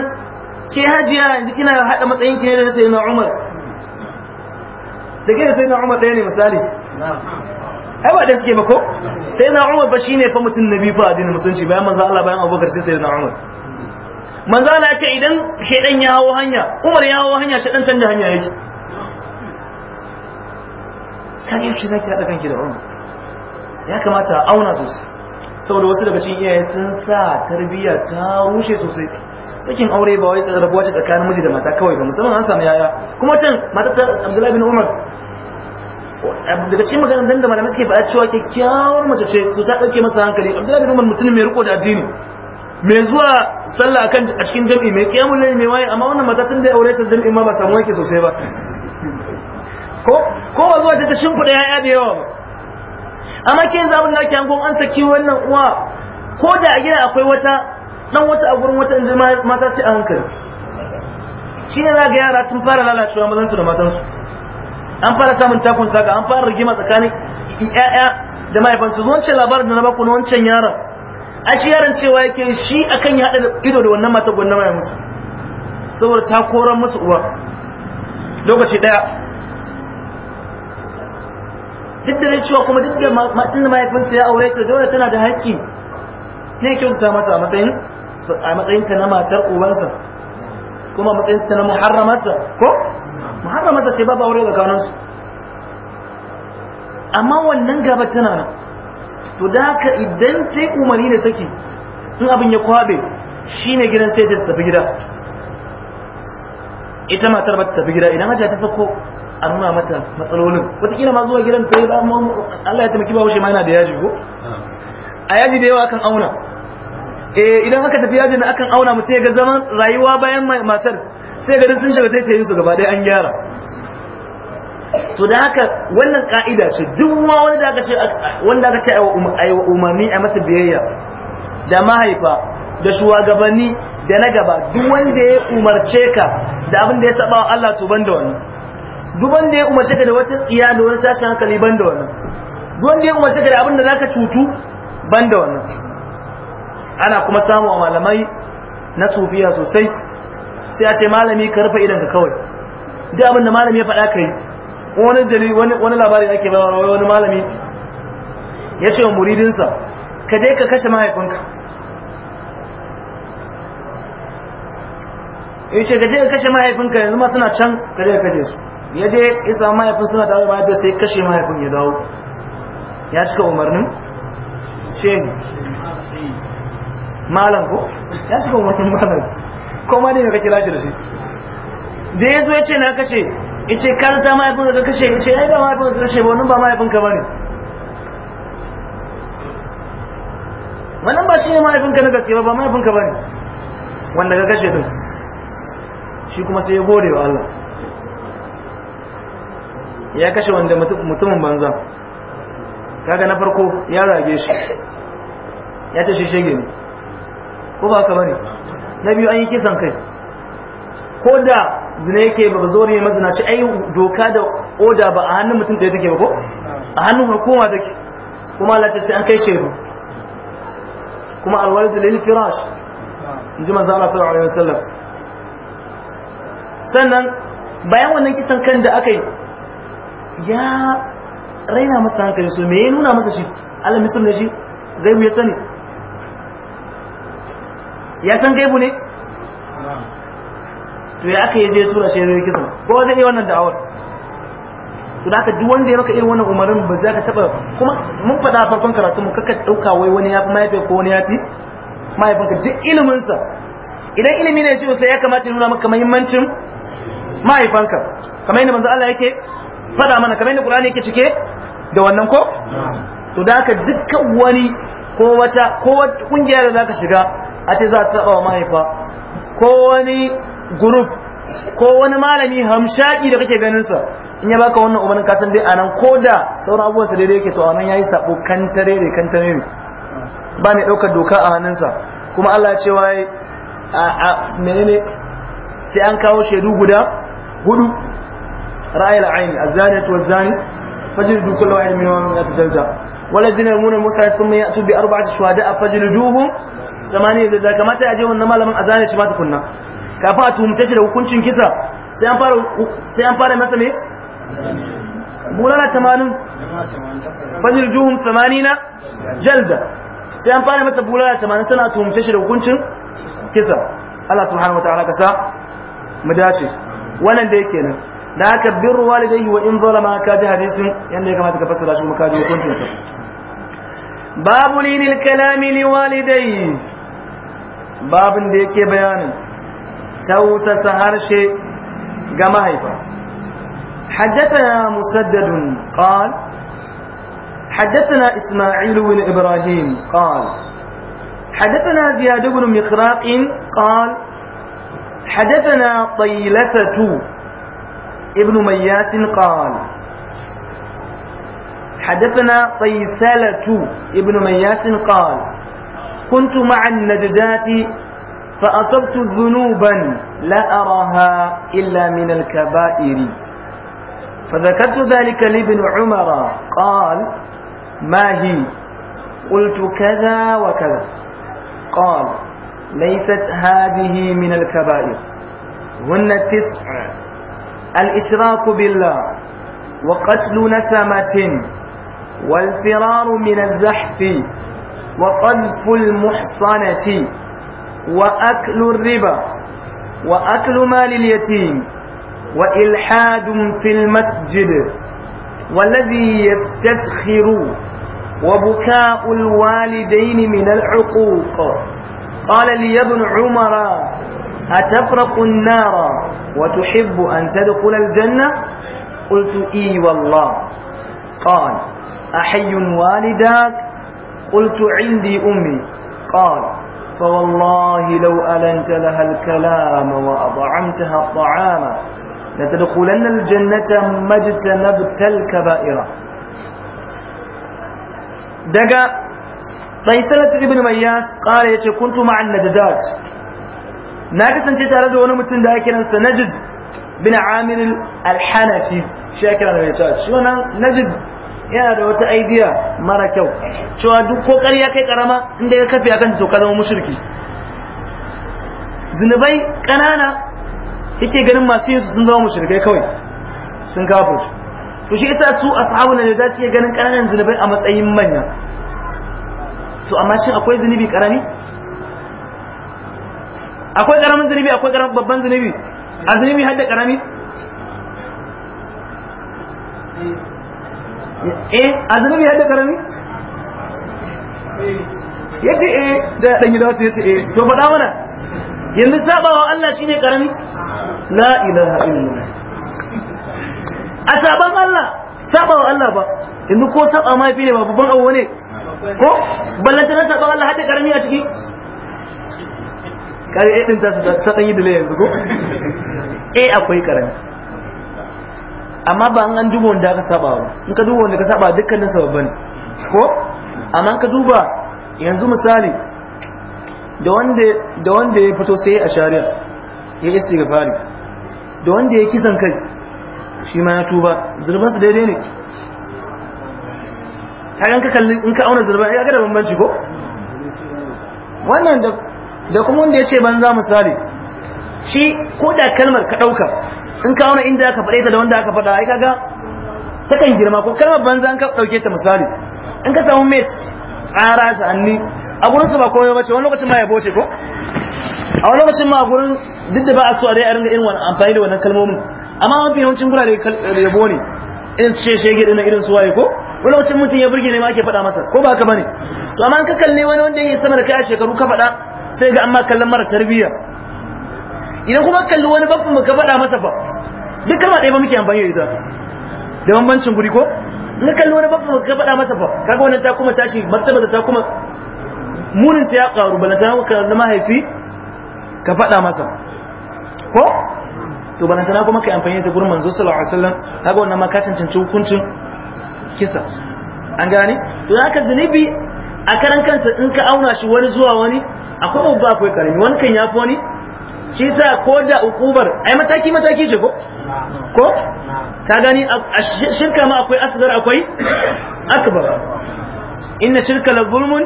ke hajiya yanzu kina hada matsayin ki ne da sayyidina Umar da kai sayyidina Umar ɗaya ne misali ai ba da suke ba ko sayyidina Umar ba shine fa mutun nabi fa addinin musulunci bayan manzo Allah bayan Abubakar sai sayyidina Umar manzo Allah ya ce idan shaydan ya hawo hanya Umar ya hawo hanya shaydan canja hanya yake kan yi shi zaki haɗa kanki da umma ya kamata a auna sosai saboda wasu daga cikin iyaye sun sa tarbiyya ta rushe sosai sakin aure ba wai rabuwa ce tsakanin miji da mata kawai ba musamman an samu yaya kuma can mata ta abdullahi bin umar daga cikin maganar dan da malamai suke faɗa cewa kyakkyawar mace ce su ta ɗauke masa hankali abdullahi bin umar mutum mai riko da addini mai zuwa sallah a cikin jami'i mai kiyamul ne mai waye amma wannan mata tun da aure ta jami'i ma ba samu yake sosai ba ko ko ba zuwa ta shimfiɗa ya'ya da yawa ba amma ke yanzu abin da ke an saki wannan uwa ko da a gida akwai wata dan wata a gurin wata inji mata sai a hankali shi ne ga yara sun fara lalacewa mazan su da matan su. an fara samun takun saka an fara rigima tsakanin ya'ya da mahaifansu wancan labarin da na baku na wancan yaron a shi yaron cewa yake shi akan ya haɗa ido da wannan mata gwanna mai musu saboda ta koran musu uwa lokaci daya duk da cewa kuma duk da matan da mahaifinsa ya aure ta dole tana da haƙƙi ne kyautata masa a matsayin a matsayin ta na matar ubansa kuma matsayin ta na muharramarsa ko muharramarsa ce babu aure ga su amma wannan gaba tana nan to da haka idan ta yi umarni da saki in abin ya kwabe shine gidan sai ta tafi gida ita matar ba ta tafi gida idan hajiya ta sako an nuna mata matsalolin wataƙila ma zuwa gidan ta yi Allah ya taimaki ba haushe ma yana da yaji ko a yaji da yawa akan auna eh idan aka tafi yaji da akan auna mutum ya ga zaman rayuwa bayan matar sai ga sun shiga sai ta su gaba ɗaya an gyara to da haka wannan ka'ida ce duk wanda aka ce wanda aka ce aiwa umarni a masa biyayya da mahaifa da shugabanni da na gaba duk wanda ya umarce ka da abin da ya saba wa Allah to banda wannan Duban da ya umarce ka da wata tsiya da wani tashin hankali ban da wannan duban da ya umarce ka da abin da ka cutu ban da wannan ana kuma samu a malamai na sufiya sosai sai a ce malami ka rufe idan ka kawai duk abin da malami ya faɗa ka yi wani dalili wani labari ake ba wani malami ya ce wa muridinsa ka dai ka kashe mahaifinka ya ce ka je ka kashe mahaifinka yanzu ma suna can ka je ka kashe su ya je isa mahaifin suna dawo mahaifin sai kashe mahaifin ya dawo ya cika umarnin shegu malam ko ya cika umarnin malam ko ma dai ne kake lashe da shi da ya zo ya ce na kashe ya ce karanta mahaifin da kashe ya ce ya yi ba mahaifin da kashe ba wannan ba mahaifin ka bane wannan ba shi ne mahaifin ka na gaske ba ba mahaifin ka bane wanda ka kashe din shi kuma sai ya gode wa Allah ya kashe wanda mutumin banza kaga na farko ya rage shi ya ce shi shege ne ko ba ka bane na biyu an yi kisan kai ko da zina yake ba zori mai zina. shi ai doka da oda ba a hannun mutum ya take ba ko a hannun hukuma ke. kuma Allah ce sai an kai ba. kuma da lil firash inji manzo Allah sallallahu alaihi wasallam sannan bayan wannan kisan kan da aka yi ya raina masa hankali so me ya nuna masa shi Allah misal ne shi gaibu ya sani ya san gaibu ne to ya aka yi zai tura shi ne kisan ko zai yi wannan da'awar to da duk wanda ya maka irin wannan umarin ba za ka taba kuma mun fada farkon karatu mu kaka dauka wai wani ya fi mahaifin ko wani ya fi mahaifinka duk ilimin sa idan ilimi ne shi sai ya kamata ya nuna maka muhimmancin mahaifanka kamar yadda manzo Allah yake faɗa mana kamar yadda Qur'ani yake cike da wannan ko to da haka dukkan wani ko wata ko wata kungiya da zaka shiga a ce za ta saba wa mahaifa ko wani group ko wani malami hamshaki da kake ganin sa in ya baka wannan umarnin kasan dai anan ko da sauran abubuwan sa daidai yake to anan yayi sabo kan tare ne kan ne ba ne daukar doka a sa kuma Allah ya ce wai a menene sai an kawo shaidu guda hudu رأي العين الزانية والزاني فجلدوا كل واحد منهم مئة جلدة والذين يرمون المسعد ثم يأتوا بأربعة شهداء فجلدوهم ثمانية جلدة كما تأجي وإنما لمن أزاني شما تكنا كافا تهمتش لو كنت كسا سينفار مثلا إيه مولانا ثمانين فجلدوهم ثمانين جلدة سينفار مثلا مولانا ثمانين سنة تهمتش لو كنت كسا Allah subhanahu wataala ka sa mu dace wannan da yake nan da haka birru walidayhi wa in zalama ka ji hadisin yanda ya kamata ka fassara shi kuma ka ji hukuncin babu linil kalami li walidayhi babin da yake bayanin tausasa harshe ga mahaifa حدثنا مسدد قال حدثنا إسماعيل بن إبراهيم قال حدثنا زياد بن مخراق قال حدثنا طيلسة ابن مياس قال حدثنا قيسلة ابن مياس قال كنت مع النجدات فأصبت ذنوبا لا أراها إلا من الكبائر فذكرت ذلك لابن عمر قال ما هي قلت كذا وكذا قال ليست هذه من الكبائر هن تسع الإشراك بالله وقتل نسمة والفرار من الزحف وقذف المحصنة وأكل الربا وأكل مال اليتيم وإلحاد في المسجد والذي يستسخر وبكاء الوالدين من العقوق قال لي ابن عمر أتفرق النار وتحب أن تدخل الجنة قلت إي والله قال أحي والداك قلت عندي أمي قال فوالله لو ألنت لها الكلام وأطعمتها الطعام لتدخلن الجنة ما اجتنبت الكبائر دقا طيسلة ابن مياس قال يا كنت مع النجدات na kasance tare da wani mutum da ya ransa najid bin amir al-hanafi shi ya kira da mai cewa shi wannan najid yana da wata idea mara kyau cewa duk kokari ya kai karama inda ya kafe akan to ka zama mushriki zinubai kanana yake ganin masu yin su sun zama mushrikai kawai sun kafir to shi isa su ashabu ne da suke ganin kananan zinubai a matsayin manya to amma shin akwai zinubi karami akwai karamin zunubi akwai karamin babban zunubi a zunubi har karami eh a zunubi har karami ya ce eh da ɗan gida wata ya ce eh to faɗa mana yanzu sabawa Allah shine karami la ilaha illallah a saban Allah sabawa Allah ba yanzu ko saba mafi ne ba babban abu ne ko ballantana saban Allah har karami a ciki kare a ɗin ta su ta dan yi da yanzu ko A akwai karami amma ba an an duba wanda aka saba ba in ka duba wanda ka saba dukkanin ne, ko amma ka duba yanzu misali da wanda ya fito sai a shari'a ya fari, da wanda ya kisan kai shi ma ya tuba zurbansu daidai ne kayan ka kalli in ka auna zurba ya ga da bambanci ko wannan da da kuma wanda ya ce banza misali shi ko da kalmar ka ɗauka in ka wani inda aka faɗe ta da wanda aka faɗa ai kaga kan girma ko kalmar banza an ka ɗauke ta misali in ka samu mate tsara sa'anni a gurin su ba komai ba ce wani lokacin ma ya boce ko a wani lokacin ma a gurin duk da ba a so a dai a ringa irin wani amfani da wannan kalmomin amma mafi yawancin gurare eh, yabo ne in su ce shege na irin su waye ko wani lokacin mutum ya burge ne ma ake faɗa masa ko ba haka bane to amma an ka wani wanda ya yi sama da kai a shekaru ka faɗa sai ga amma kallon mara tarbiyya idan kuma kalli wani baffin ka faɗa masa ba duk kalma ɗaya ba muke amfani da ita da bambancin guri ko in kalli wani baffin ka faɗa masa ba kaga wannan ta kuma tashi martaba ta kuma munin ta ya ƙaru balantana kuma kalli mahaifi ka faɗa masa ko to balantana kuma kai amfani da gurin manzo sallallahu alaihi wasallam kaga wannan ma ka cancanci hukuncin kisa an gane to haka zunubi a karan kansa in ka auna shi wani zuwa wani akwai babba akwai karami wani kan yafi wani shi sa ko da ukubar ai mataki mataki ce ko ko ka gani a shirka ma akwai asgar akwai akbar inna shirka la zulmun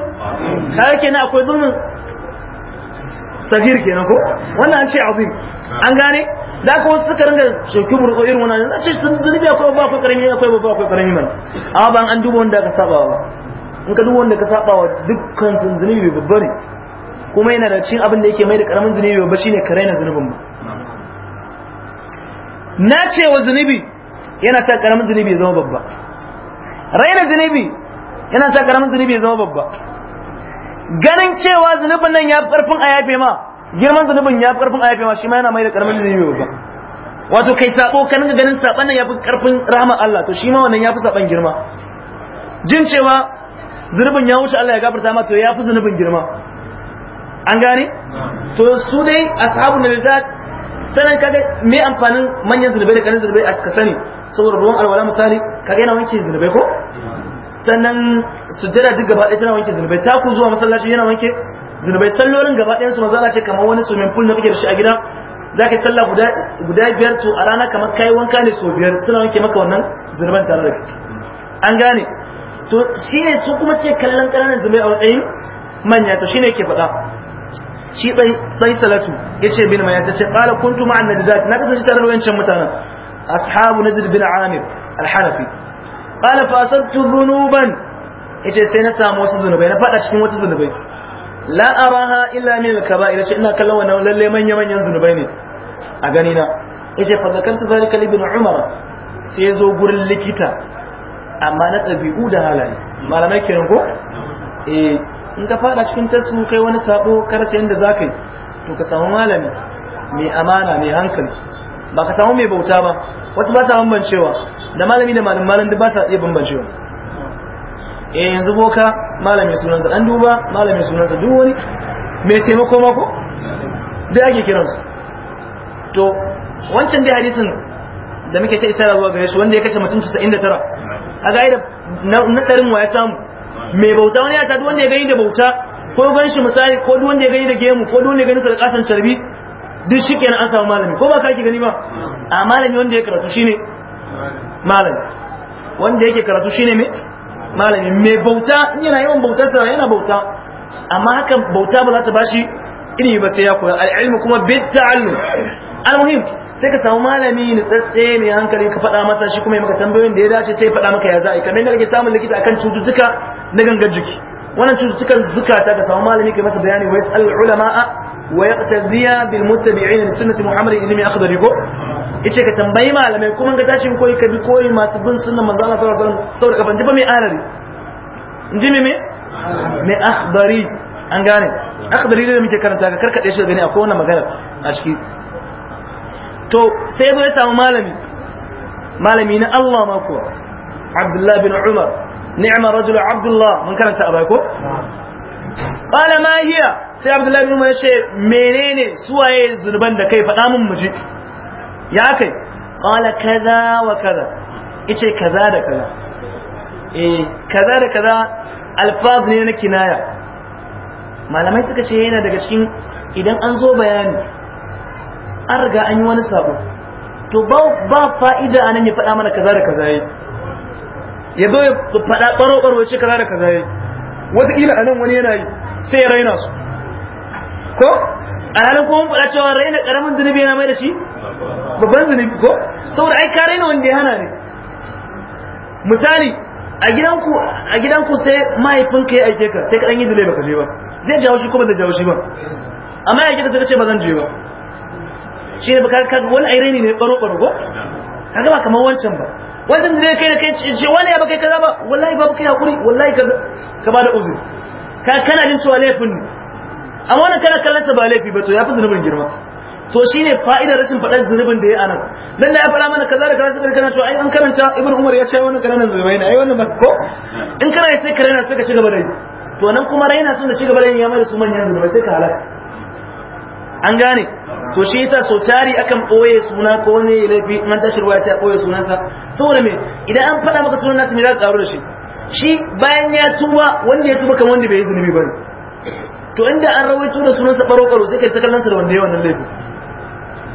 ka kenan akwai zulmun sagir kenan ko wannan an ce azim an gane da ko suka ringa shirki burko irin wannan na ce sun zunubi akwai babba akwai karami akwai babba akwai karami man amma ban an duba wanda ka saba ba in ka duba wanda ka saba wa dukkan sun zunubi babba ne kuma yana da cin abin da yake mai da karamin zunubi ba ne ka raina zunubin ba na ce wa zunubi yana sa karamin zunubi ya zama babba raina zunubi yana sa karamin zunubi ya zama babba ganin cewa zunubin nan ya fi karfin a yafe ma girman zunubin ya fi karfin a yafe ma shi ma yana mai da karamin zunubi babba wato kai sabo ka ganin saban nan ya fi karfin rahama Allah to shi ma wannan ya fi saban girma jin cewa zunubin ya wuce Allah ya gafarta ma to ya fi zunubin girma an gane to su dai na nabidat sanan ga me amfanin manyan zunubai da kanin zunubai a suka sani saboda ruwan alwala misali kaga yana wanke zunubai ko sannan jira duk gaba ɗaya tana wanke zunubai ta ku zuwa masallaci yana wanke zunubai sallolin gaba ɗayan su maza ce kamar wani swimming pool na kake da shi a gida za ka yi sallah guda biyar to a rana kamar kai wanka ne so biyar suna wanke maka wannan zunuban tare da an gane to shi ne su kuma suke kallon ƙananan zunubai a matsayin manya to shi ne ke faɗa shi tsai salatu ya ce bin mai ta ce ƙala kuntu ma'an na dizaki na kasance tare da wancan mutanen ashabu na bin amir alharafi ƙala fasattu zunuban ya ce sai na samu wasu zunubai na faɗa cikin wasu zunubai la araha illa min al-kaba'ir shi ina kallon wannan lalle manya manyan zunubai ne a gani na yace fa su zalika kalli ibn umar sai yazo gurin likita amma na ɗabi'u da halaye malamai kenan ko eh in ka fada cikin tasu kai wani sabo ka rasa yadda za ka yi to ka samu malami mai amana mai hankali ba ka samu mai bauta ba wasu ba ta bambancewa da malami da malam malam duk ba sa iya bambancewa eh yanzu boka malamin sunansa dan duba malamin sunansa duk wani mai taimako ma ko da kiran kiransu to wancan dai hadisin da muke ta isa rabuwa gare shi wanda ya kashe mutum 99 a ga da na ɗarin wa ya samu mai bauta wani ya ta wanda ya gani da bauta ko gan shi misali ko duk wanda ya gani da gemu ko duk wanda ya gani da kasan carbi duk shi kenan an samu malami ko ba ka ki gani ba a malami wanda ya karatu shine malami wanda yake karatu shine me malami mai bauta in yana yawan bautar sa yana bauta amma hakan bauta ba za ta bashi ilimi ba sai ya koya al-ilmu kuma bit ta'allum al-muhim sai ka samu malami tsatse mai hankali ka faɗa masa shi kuma ya maka tambayoyin da ya dace sai ya faɗa maka ya za a yi kamar yadda kake samun likita akan cututtuka na gangan jiki wannan cututtukan zukata ka samu malami kai masa bayani wa yas'al ulama wa yaqtadiya bil muttabi'in li sunnati ibn ilmi akhdari ko yace ka tambayi malamai kuma ka tashi koyi ka bi koyi masu bin sunnan manzo Allah sallallahu alaihi wasallam saboda ka fanci fa mai alari inji me me mai akhdari an gane akhdari da muke karanta ka karkade shi da gani akwai wannan magana a ciki to sai zo ya samu malami malami na Allah ma kuwa Abdullah bin Umar ni'ma rajul Abdullah mun karanta a ko qala ma hiya sai Abdullah bin Umar ya ce menene suwaye zurban da kai faɗa mun muji ya kai qala kaza wa kaza yace kaza da kaza eh kaza da kaza alfaz ne na kinaya malamai suka ce yana daga cikin idan an zo bayani an riga an yi wani sabo to ba fa'ida anan ya faɗa mana kaza da kaza yi ya zo ya faɗa ɓaro ɓaro ya ce kaza da kaza yi ila anan wani yana yi sai ya raina su ko a halin kuma faɗa cewa raina ƙaramin zunubi yana mai da shi babban zunubi ko saboda ai ka raina wanda ya hana ne misali a gidanku a gidanku sai mahaifinka ya aike ka sai ka ɗan yi dole ka je ba zai jawo shi kuma da jawo shi ba amma ya gida sai ka ce ba zan je ba shi ne baka kaga wani aire ne baro baro ko kaga ba kamar wancan ba wancan da kai kai ce wani ya baka kaza ba wallahi ba baka hakuri wallahi kaza ka bada uzuri ka kana jin cewa laifin ne amma wannan kana kallon ta ba laifi ba to fi zunubin girma to shi ne fa'idar rashin faɗar zunubin da ya ana dan da ya fara mana kaza da kaza sai kana cewa ai an karanta ibnu umar ya ce wannan kananan zunubai ne ai wannan ba ko in kana sai karana sai ka ci gaba da yi to nan kuma raina sun da ci gaba da yin ya mai da su manyan zunubai sai ka halaka an gane to shi yasa so tari akan boye suna ko ne laifi man an tashi ruwa sai a boye sunansa saboda me idan an faɗa maka sunan nasu ne za ka karu da shi shi bayan ya tuba wanda ya tuba kamar wanda bai yi zunubi ba to inda an rawaito da sunansa baro karo sai kai ta kallon da wanda ya wannan laifi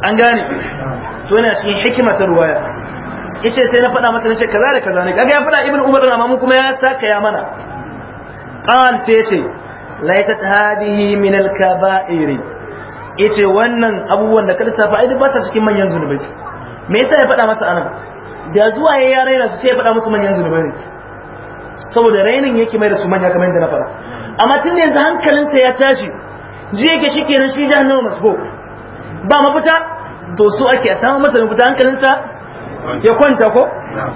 an gane to yana cikin hikima ta ruwaya yace sai na faɗa mata nace kaza da kaza ne kaga ya faɗa ibnu umar amma mun kuma ya saka ya mana qal sai sai laita hadhihi min al-kaba'iri yace wannan abubuwan da ka lissafa ai duk ba ta cikin manyan zunubai me yasa ya faɗa masa anan da zuwa ya ya raina su sai ya faɗa musu manyan zunubai ne saboda rainin yake mai da su manya kamar yadda na faɗa amma tun da yanzu hankalinsa ya tashi ji yake shi kenan shi nan masbo ba mafita to su ake a samu masa mafita hankalinsa ya kwanta ko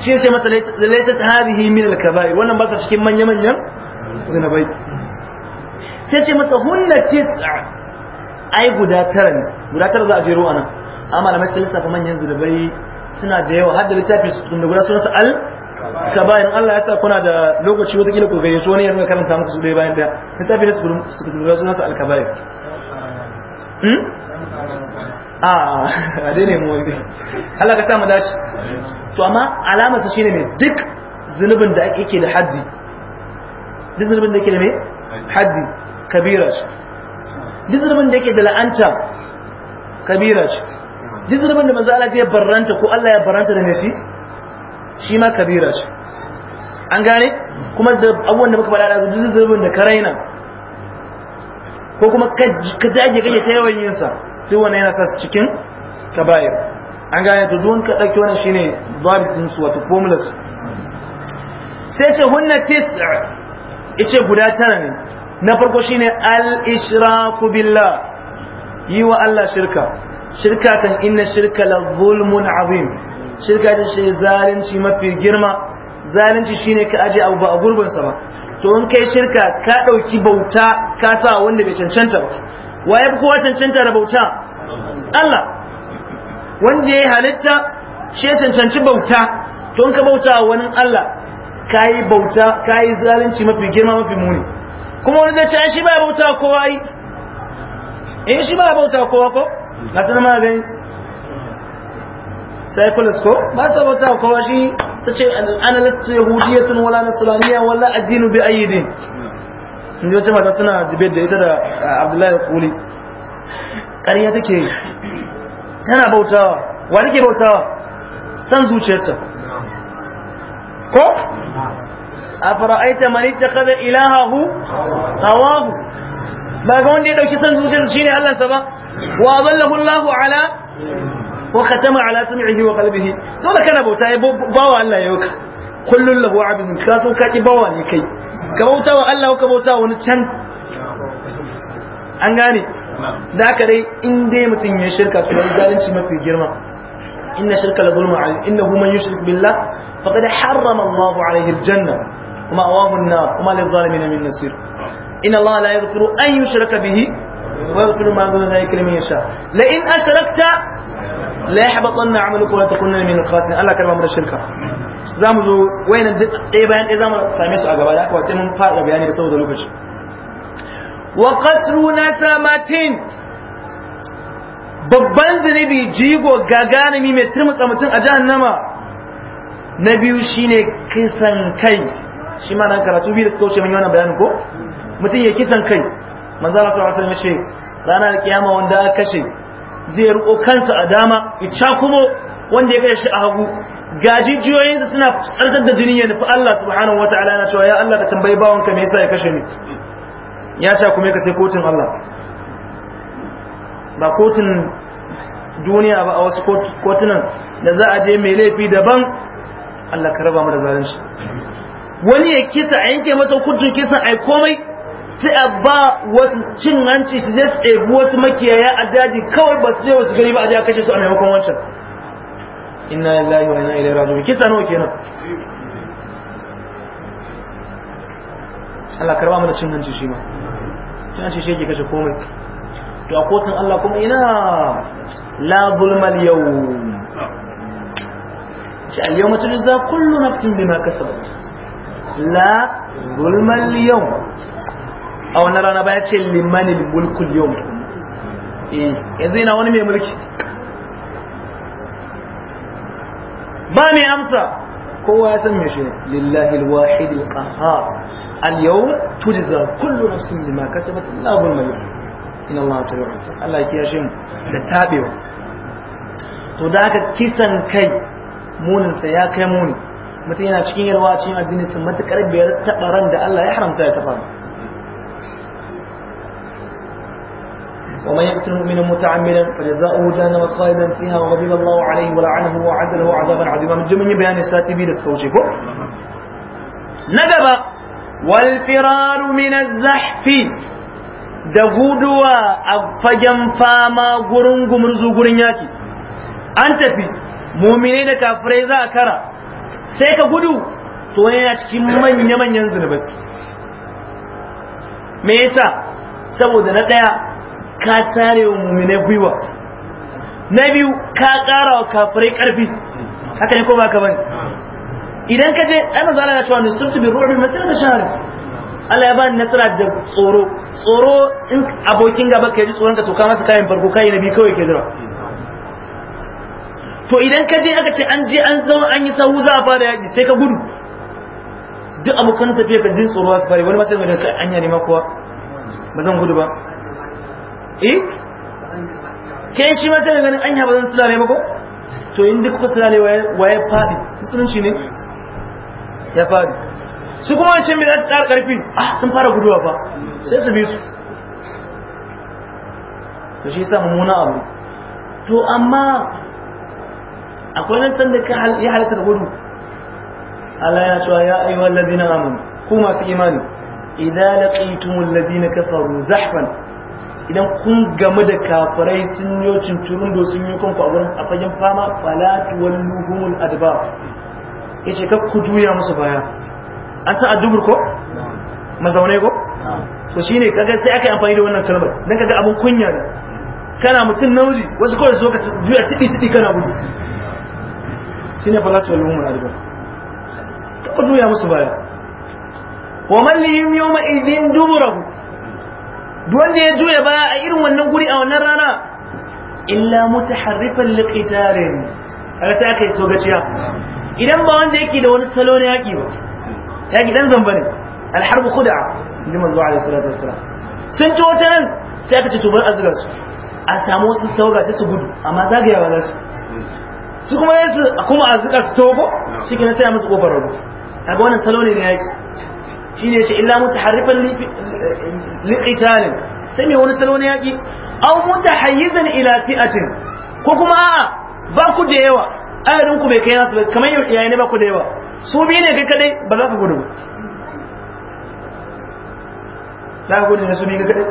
shi sai masa laita ta harihi min alkaba'i wannan ba ta cikin manya-manyan zinabai sai ce masa hunna tis'a ai guda tara ne guda tara za a jero a nan amma malamai sun lissafa manyan zulubai suna da yawa har da littafi su tunda guda sunansa al kabayin Allah ya sa kuna da lokaci wata kila ku gayyato ne ya rinka karanta muku su dai bayan da littafi ne su guda sunansa al kabayin hmm a ah, [LAUGHS] a dai ne mu wani Allah ka sa mu dashi to amma su shine ne duk zunubin da ake da haddi duk zunubin da yake da me haddi kabira shi duk da yake da la'anta kabira ce duk da manzo Allah ya barranta ko Allah ya barranta da nashi shi ma kabira ce an gane kuma da abubuwan da muka faɗa da duk da ka raina ko kuma ka dage kake ta yawan yin sa duk wannan yana sa su cikin kaba'ir an gane to duk ka dauki wannan shine babit din su wato formulas sai ce hunna tis'a yace guda tara ne na farko shine al-ishraku billah yi wa Allah shirka shirka kan inna shirka la zulmun azim shirka din shi zalunci mafi girma zalunci shine ka aje abu ba a gurbin sa ba to in kai shirka ka dauki bauta ka sa wanda bai cancanta ba waye ba kowa cancanta da bauta Allah wanda ya halitta shi ya cancanci bauta to in ka bauta wani Allah kayi bauta kayi zalunci mafi girma mafi muni kuma wani zai ce shi ba bauta kowa yi eh shi ba bauta kowa ko ga sanan ma gani psychologist ko ba sa bauta kowa shi ta ce ana yahudiyatun wala nasraniya wala addinu bi ayyidin inda wata mata tana debate da ita da uh, abdullahi kuli ƙarya take tana bautawa wa take bautawa san zuciyarta ko afara'aita man ittakhadha ilahahu hawahu ba ga wanda ya dauki san zuciyarsa shine Allah sa ba wa adallahu Allahu ala wa khatama ala sam'ihi wa qalbihi dole kana bauta ya bawa Allah yau ka. kullun lahu abidun ka so ka ki bawa ne kai ka bauta wa Allah ka bauta wani can an gane da haka dai in dai mutum ya shirka to zalunci mafi girma إن شرك لظلم عظيم إنه من يشرك بالله فقد حرم الله عليه الجنة ومأواه النار وما للظالمين من نصير إن الله لا يغفر أن يشرك به ويغفر ما دون ذلك لمن يشاء لئن أشركت لا يحبطن عملك ولا تكونن من الخاسرين الله كلمة من الشركة zamu zo wayanan duk ɗaya bayan ɗaya zamu same su a gaba da haka mun bayani da saboda lokaci babban zunubi jigo gagarumi mai turmutsa mutum a jihar nama. na biyu shine kisan kai shi ma nan karatu biyu da suka wuce mun wannan bayanin ko mutum ya kisan kai manzo Allah sallallahu alaihi wasallam ya ce da kiyama wanda aka kashe zai riko kansa a dama ya kuma wanda ya kashe shi a hagu gaji sa suna tsartar da jini ya nufi Allah subhanahu wataala yana cewa ya Allah ka tambayi bawanka me yasa ya kashe ni ya kuma ka sai kotun Allah ba kotun duniya ba a wasu kotunan da za a je mai laifi daban Allah ka raba mu da zalunci wani ya kisa a yanke masa hukuncin kisa ai komai sai a ba wasu cin hanci su je su wasu makiyaya a daji kawai ba su je wasu gari ba a je a kashe su a maimakon wancan inna lillahi wa inna ilaihi raji'un kisa nawa kenan Allah karba mana cin hanci shi ma cin hanci shi yake kashe komai to a kotun Allah kuma ina la zulmal yawm shi al-yawma tujza kullu nafsin bima kasabat لا ظلم اليوم او نرى انا بقى يتشي لمن الملك اليوم ايه يزينا وانم يا ملك بامي امسا هو يسمي شيء لله الواحد القهار اليوم تجزى كل نفس بما كسبت لا ظلم اليوم ان الله تعالى الله يكفي شيء تتابعه to da aka kisan kai munin sa ya kai muni mutum yana cikin yarwa cikin addinin sun matuƙar bai taɓa ran da Allah ya haramta ya taɓa ومن يقتل مؤمنا متعمدا فجزاؤه جهنم خالدا فيها وغضب الله عليه ولعنه وعد له عذابا عظيما من جميع بيان ساتي بي دسكوشي wal firaru min az الزحف da guduwa a fagen fama gurin gumurzu gurin yaki an tafi mumine da kafirai za a kara sai ka gudu to wani yana cikin manya-manyan zunubai me yasa saboda na ɗaya ka sare wa mummune gwiwa na biyu ka ƙara wa kafirai ƙarfi haka ne ko ba ka bane idan ka je ai manzo Allah ya ce sun tubi ruwa mai masal da shahara. Allah ya bani nasara da tsoro tsoro in abokin gaba ka ji tsoron ka to ka masa kayan farko kayi na biyu kawai ke jira to idan ka je aka ce an je an zama an yi sahu za a fara yaƙi sai ka gudu duk abokan tafiya ka jin tsoro su fare wani ma sai mai kai anya ne ma kuwa ba zan gudu ba eh kai shi ma sai ganin anya ba zan sulale ba ko to in duk kuka sulale waye faɗi musulunci ne ya faɗi su kuma wancan mai zata tsara ƙarfi ah sun fara guduwa fa sai su bi su to shi yasa mummuna abu to amma akwai nan sanda ka ya halitta da gudu Allah ya cewa ya ayyuha allazina amanu ku masu imani idza laqitum ladina kafaru zahfan idan kun gamu da kafirai sun yi do sun yi kanku a gurin a fagen fama falatu walluhumul adba yace ka ku juya musu baya an san addubur ko mazaune ko to shine kaga sai aka yi amfani da wannan kalmar dan kaga abun kunya ne kana mutum namiji wasu kawai su ka juya tidi tidi kana gudu shine fala ta lumu na riba ku duya musu baya wa man lihim yawma idin duburahu wanda ya juya baya a irin wannan guri a wannan rana illa mutaharrifan liqitarin aka ta kai to gaciya idan ba wanda yake da wani salo na yaki ba yaki dan zamba ne alharbu khud'a inda manzo alaihi salatu wassalam sun ci wata nan sai aka ce to bar azgar su a samu wasu sauka sai su gudu amma zagayawa za su su kuma ya su kuma a suka su togo shi ke na taya musu kofar rubu a ga wannan salo ne ya yi shi ne shi illa mutu harifan liƙitalin sai mai wani salo ya yaki an mutu hayyizan ila fi'atin ko kuma a ba ku da yawa adadin ku bai kai nasu ba kamar yayi ne ba ku da yawa su biyu ne kai kadai ba za ku gudu ba za ku gudu ne su biyu kai kadai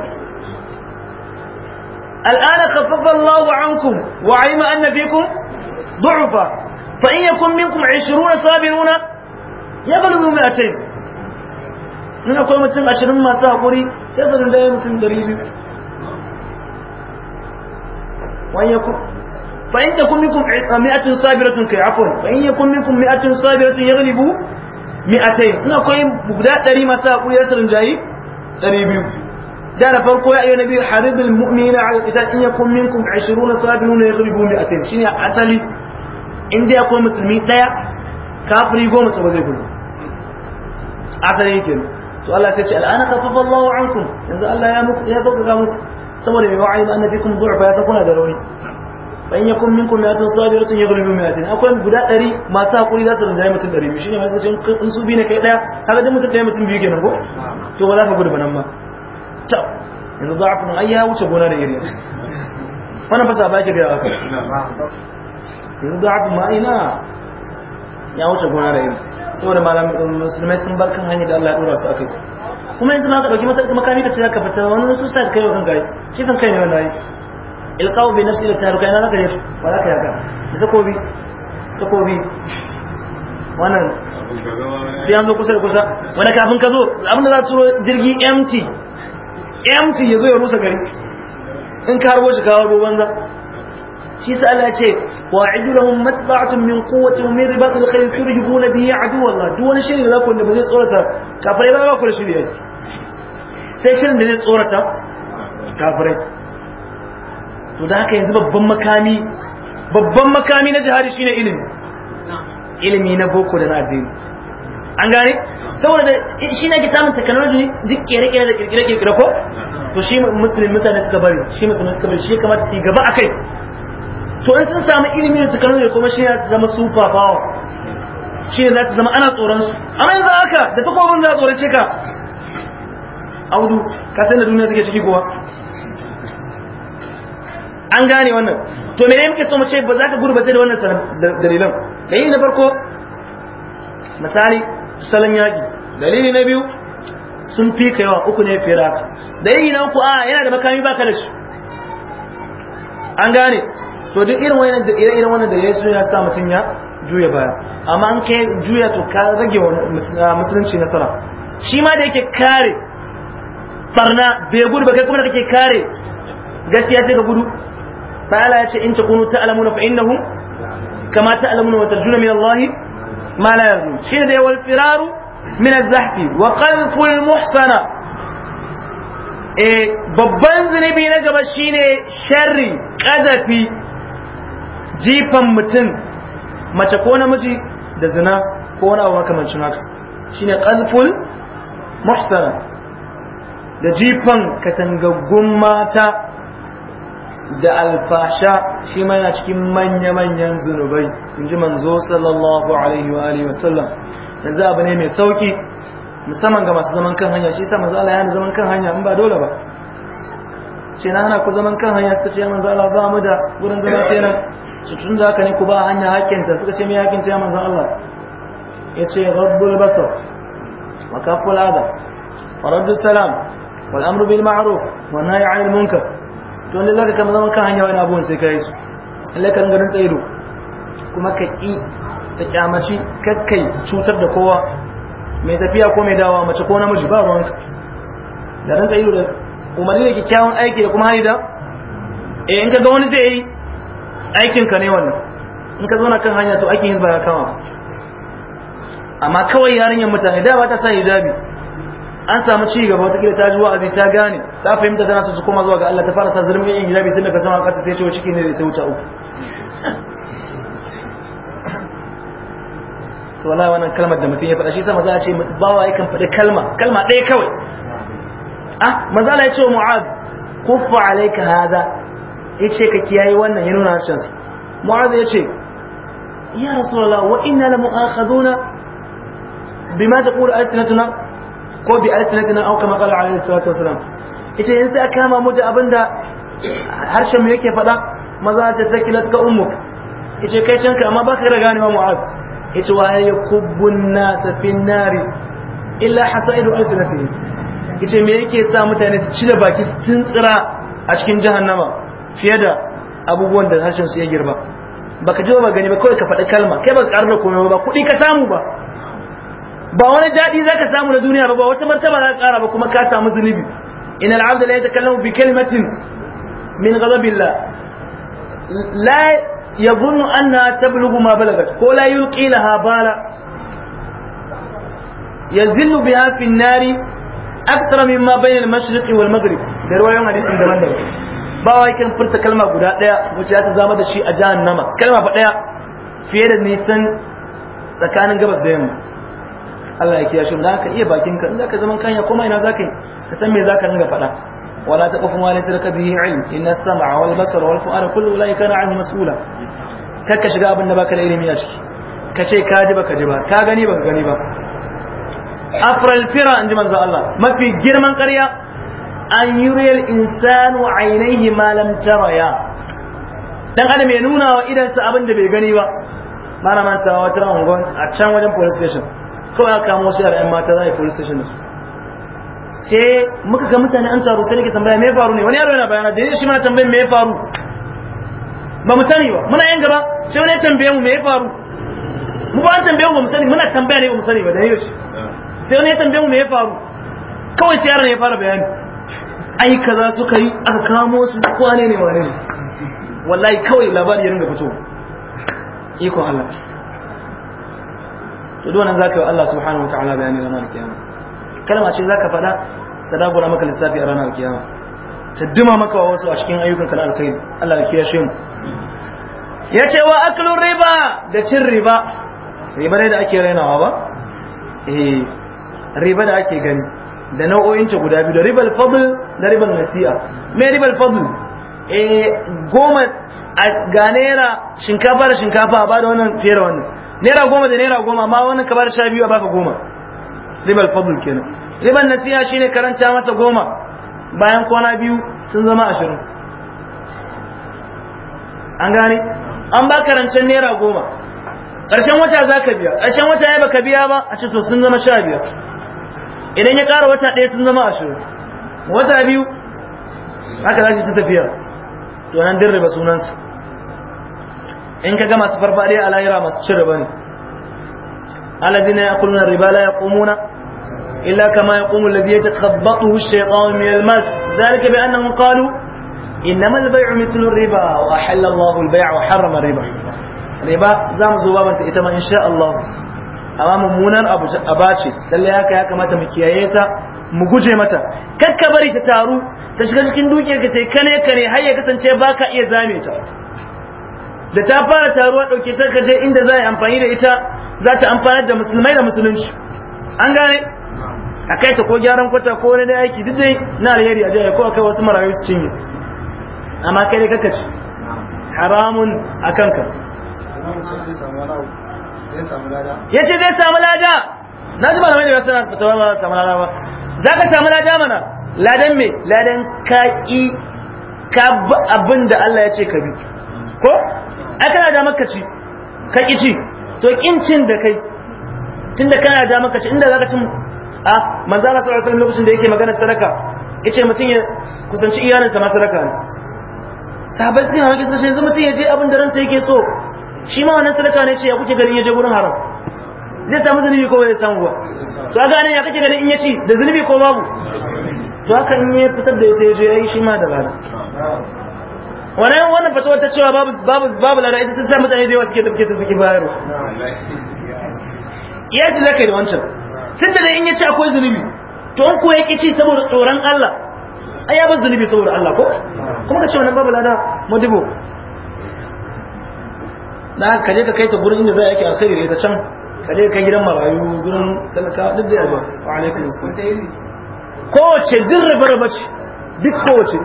الآن خفف الله عنكم وعلم أن فيكم ضعفا فإن يكن منكم عشرون صابرون يغلب مئتين من أقول مئتين عشرون ما ساقري سيصل الله مثل دريب وإن يكن فإن تكن منكم آه، مئة صابرة كي عفوا فإن يكن منكم مئة صابرة يغلب مئتين من أقول مبدا تري ما ساقري يصل الله دريب دار فرقوا يا أيها النبي حرب المؤمنين على القتال إن يكن منكم عشرون صابرون يغلبوا مئتين شنو أسألي in dai akwai musulmi ɗaya kafiri goma su ba zai gudu asali ke to Allah ya ce al'ana kafafa Allah wa ankum yanzu Allah ya muku ya sauƙaƙa muku saboda mai wa'ayi ba annabi kun du'a ya sakuna da rauni bayan ya kun minkum ya tun sabiru tun yaghlibu mi'atin akwai guda ɗari masu hakuri za su yi mutum ɗari mu shine mai sai in su bi ne kai ɗaya kaga dai mutum ɗaya mutum biyu kenan ko to ba za ka gudu ba nan ma to yanzu da'afun ayya wuce gona da iri wannan fasa ba ki ga haka yanzu da haka ma ina ya wuce gona da iri saboda malamin musulmai sun bar kan hanyar da Allah ya dora su akai kuma yanzu ma ka dauki mata makami ka ce zaka fita wani su sa kai kan gari shi san kai ne wannan ai ilqau bi nafsi da taruka ina naka yau wala ka yaka da takobi takobi wannan sai an zo kusa da kusa wani kafin ka zo abin da za turo jirgi empty empty ya zo ya rusa gari in ka harbo shi kawo ruwan banza shi sa Allah ce wa a'idu lahum matba'atun min quwwati wa min ribatil khayr turhibuna bihi aduwallah duk wani shirin da zaku da ba zai tsorata kafirai ba ba ku da shiri yake sai shirin da zai tsorata kafirai to da haka yanzu babban makami babban makami na jihadi shine ilimi ilimi na boko da na addini an gane saboda shi ne ke samun technology duk kere-kere da kirkire-kirkire ko to shi musulmi mutane suka bari shi musulmi suka bari shi kamar gaba akai to in sun samu ilimi da kan ne kuma shi ya zama super power shi ne za ta zama ana tsoron su amma yanzu haka da takobin za a tsorace ka audu ka san da duniya take ciki kuwa an gane wannan to me ne muke so mu ce ba za ka gudu ba sai da wannan dalilan dai na farko misali salon yaƙi dalili na biyu sun fi ka yawa uku ne fira dai dalili na uku a yana da makami baka da shi an gane to duk irin wannan da ire iren wannan da yayi sun ya sa mutun ya juya baya amma an kai juya to ka rage musulunci nasara shi ma da yake kare barna bai gudu ba kai kuma da kake kare gaskiya sai ka gudu fa Allah ya ce in takunu ta'lamuna fa innahum kama ta'lamuna wa tarjuna min Allah ma la yarjun shi da wal firaru min az-zahfi wa qalfu al-muhsana eh babban zunubi na gaba shine sharri kadafi jifan mutum mace ko namiji da zina ko wani abu makamancin haka shine qalful muhsana da jifan katangaggun mata da alfasha shi ma yana cikin manya-manyan zunubai in ji manzo sallallahu alaihi wa alihi wasallam yanzu abu ne mai sauki musamman ga masu zaman kan hanya shi sa manzo Allah ya zaman kan hanya in ba dole ba ce na hana ku zaman kan hanya ta ce manzo Allah za mu da gurin zama kenan su tun da aka ne ku ba hanya ta suka ce mai ta ya manzan Allah ya ce rabbul basar wa adam adab wa rabbul salam wal amru bil ma'aru wa nahy 'anil munkar to lalle ka kama zama kan hanya wani abuwan sai kai su lakar garin tsayido kuma ka ƙi ta kyamaci kakkai cutar da kowa mai tafiya ko mai dawa mace ko namiji ba ruwanka garin tsayido da umarni da kyakkyawan aiki da kuma hari da eh in ka ga wani zai yi aikinka ne wannan in ka zauna kan hanya to aikin hizba ya kama amma kawai yarinyar mutane da ba ta sa hijabi an samu ci gaba wata kila ta ji wa'azi ta gane ta fahimta tana so su koma zuwa ga Allah ta fara sa zulmi yin hijabi tun daga sama ƙasa sai ta shi ne da ta wuce uku to wallahi wannan kalmar da mutum ya faɗa shi sa maza a ce bawa yakan faɗi kalma kalma ɗaya kawai ah maza Allah ya ce wa Mu'adh kuffa alayka hada ya ce ka kiyaye wannan ya nuna harshensa mu'azu ya ce ya rasulallah wa inna la mu'akhaduna bima taqulu altinatuna ko bi altinatuna aw kama qala alayhi salatu wasalam yace yanzu sai kama mu da abinda harshen mu yake faɗa maza ta sakilat ka ummuk yace kai ka amma baka da ganewa mu'azu yace wa ya kubbun nas fi nari illa hasaidu alsinatihim yace me yake sa mutane su ci da baki su tuntsira a cikin jahannama fiye da abubuwan da harshen su ya girma baka ji ba gani ba kawai ka faɗi kalma kai ka ƙarar da komai ba kuɗi ka samu ba ba wani daɗi za ka samu na duniya ba ba wata martaba za ka ƙara ba kuma ka samu zunubi in al'abda la yatakallamu bi kalimatin min ghadabillah la yadhunnu anna tablughu ma balagat ko la yulqi laha bala yazillu biha fi an-nari akthara mimma bayna al-mashriqi wal maghrib da ruwayan hadisin daban-daban ba wa kan furta kalma guda daya wacce ya ta zama da shi a nama? kalma ba daya fiye da nisan tsakanin gabas da yamma Allah ya kiyashe mu ka iya bakin ka in zaka zaman kanya kuma ina zaka yi ka san me za ka ringa faɗa wala taqfu ma laysa laka bihi ilm inna as-sam'a wal basara wal fu'ada kullum ulaika kana 'anhu mas'ula kar ka shiga abin da baka da ilimi a ciki ka ce ka ji baka ji ba ka gani baka gani ba afral fira in inji manzo Allah mafi girman ƙarya an yi yuriyar insanu ainihi malam taraya dan adam ya nuna wa idansa abin da bai gani ba mana manta wata ran ungon a can wajen police station ko aka kamo wasu yaran mata za a yi police station su sai muka ga mutane an taro sai nake tambaya me ya faru ne wani yaro yana bayana da shi mana tambayin me ya faru ba mu sani ba muna yan gaba sai wani ya tambaye mu me ya faru mu ba an tambaye mu ba mu sani muna tambaya ne ba mu sani ba da yau ah. sai wani ya tambaye mu me ya faru kawai sai yaron ya fara bayani ai kaza suka yi aka kamo su kwane ne wane ne wallahi kawai labari ya ringa fito ikon Allah to dole za ka yi Allah subhanahu wa ta'ala bayani ranar kiyama kalma ce za ka faɗa ta dagula maka lissafi a ranar kiyama ta duma maka wa wasu a cikin ayyukan kana alkhairi Allah ya kiyashe mu ya ce wa aklun riba da cin riba riba da ake rainawa ba eh riba da ake gani da nau'o'inta guda biyu da ribal fadl da ribal nasi'a me ribal fadl eh goma ga naira shinkafa da shinkafa a bada wannan fere wannan naira goma da naira goma ma wannan ka bada sha biyu a baka goma ribal fadl kenan ribal nasi'a shine karanta masa goma bayan kwana biyu sun zama ashirin an gane an ba karancen naira goma ƙarshen wata za ka biya ƙarshen wata ya ka biya ba a ce to sun zama sha biyar idan ya ƙara wata ɗaya sun zama ashirin wata biyu haka za shi ta tafiya to nan din sunansa in ka ga masu farfaɗiya a lahira masu cin riba ne alladina yaquluna riba la kumuna illa kama yaqumu alladhi yatakhabbathu ash-shaytanu min mai almas dhalika bi annahum qalu innama al-bay'u mithlu ar-riba wa ahalla Allahu wa harrama ar-riba riba mu zo babanta ita ma insha Allah amma mummunan abu aba ce lalle haka ya kamata mu kiyaye ta mu guje mata kar ka bari ta taru ta shiga cikin dukiyar ka yi kane kane har ya kasance baka iya zame ta da ta fara taruwa ɗauke ta ka je inda za a yi amfani da ita za ta amfanar da musulmai da musulunci an gane a kai ta ko gyaran kwata ko wani aiki duk dai na alheri a jiya ko a kai wasu marayu su cinye amma kai dai kaka haramun a kanka ya ce zai samu lada na ji malamai da wasu nasu fitowa ba samu lada ba za ka samu lada mana ladan me ladan kaƙi ka bi abin da Allah ya ce ka bi ko ai kana da maka ci ka ƙi ci to cin da kai tunda kana da maka ci inda za ka cin a manzan Allah sallallahu alaihi lokacin da yake magana sadaka yace mutum ya kusanci iyalinsa ma sadaka ne sahabbai suka yi hawa kisa yanzu mutum ya je abin da ransa yake so shi ma wannan sadaka ne ce ya kuke ganin ya je gurin haram zai samu zunubi ko bai samu ba to ga nan ya kake ganin in ya ci da zunubi ko babu to haka in ya fitar da ita ya je yayi shi ma da bala wannan wannan fatawa ta cewa babu babu babu lada ita ta samu mutane da yawa suke tafke ta suke bayaro ya ji zaka da wancan tun da in ya ci akwai zunubi to an ko ya ki ci saboda tsoron Allah ai ya bar zunubi saboda Allah ko kuma ka ce wannan babu lada madibo dan kaje ka kai ta gurin inda zai yake alkhairi da can kaje ka gidan marayu gurin talaka duk da yawa wa alaikum assalam ko ce dirriba riba ce duk ko ce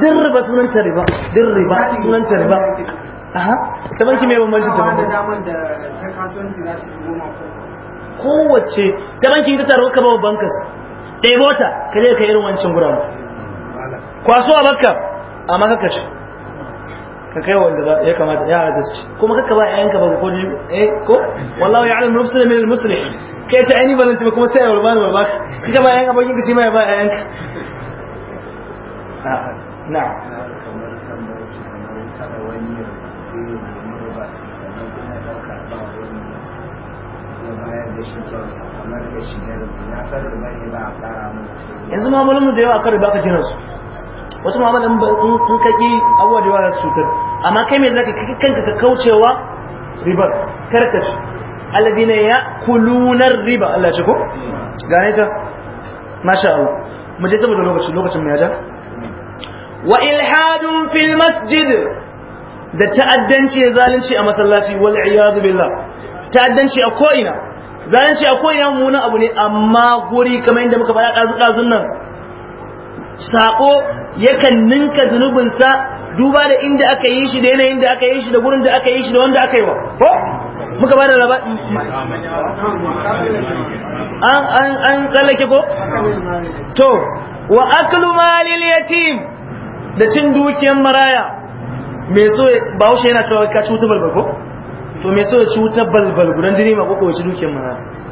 dirriba sunan ta riba dirriba sunan ta riba aha ta banki mai bambanci ta wanda da banki kowace ta banki ta taro ka bawa bankas ɗaya mota kaje ka irin wancan guraren kwaso a bakka a makakashi ka kai wanda ya kamata ya halatta su kuma kakka ba yayanka ba ko eh ko wallahi ya'lamu nafsun min al-muslih kai ce ai ni ba zan ci ba kuma sai ya warbani ba baka kika ba yayanka bakin ka shi ma ya ba yayanka na'am yanzu ma malamin da yawa kare baka kiransu wasu mu'amala in ka ki abuwa da yawa su tar, amma kai me zaka kai kanka ka kaucewa ribar karkaci alladina ya kulunar riba Allah ya shi ko gane ta masha Allah mu je saboda lokaci lokacin mai ya wa ilhadun fil masjid da ta'addanci ya zalunci a masallaci wal iyadu billah ta'addanci a ko'ina zalunci a ko'ina munan abu ne amma guri kamar yadda muka faɗa ɗazu ɗazun nan sako yakan ninka zunubinsa duba da inda aka yi shi da yanayin da aka yi shi da gurin da aka yi shi da wanda aka yi wa ko muka ba da raba an an an tsallake ko to wa aklu malil yatim da cin dukiyar maraya me so ba shi yana cewa ka cuta balbal ko to me so ya cuta balbal gudan dini ma ko ko dukiyar maraya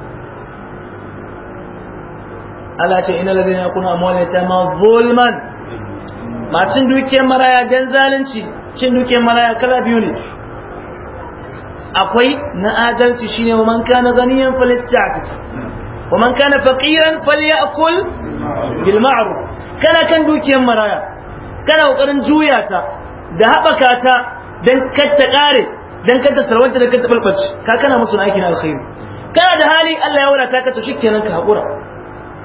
Allah ce ina lazina kuna amwalin yatama zulman masu dukiyar maraya dan zalunci cin dukiyar maraya kala biyu ne akwai na adalci shine wa manka na ganiyan falista'at wa man kana faqiran falyakul bil ma'ruf kana kan dukiyar maraya kana kokarin juya ta da haɓaka ta dan kar ta kare dan kar ta sarwanta da kar ta balbace ka kana musu na aikin alkhairi kana da hali Allah ya wadata ka to shikenan ka haƙura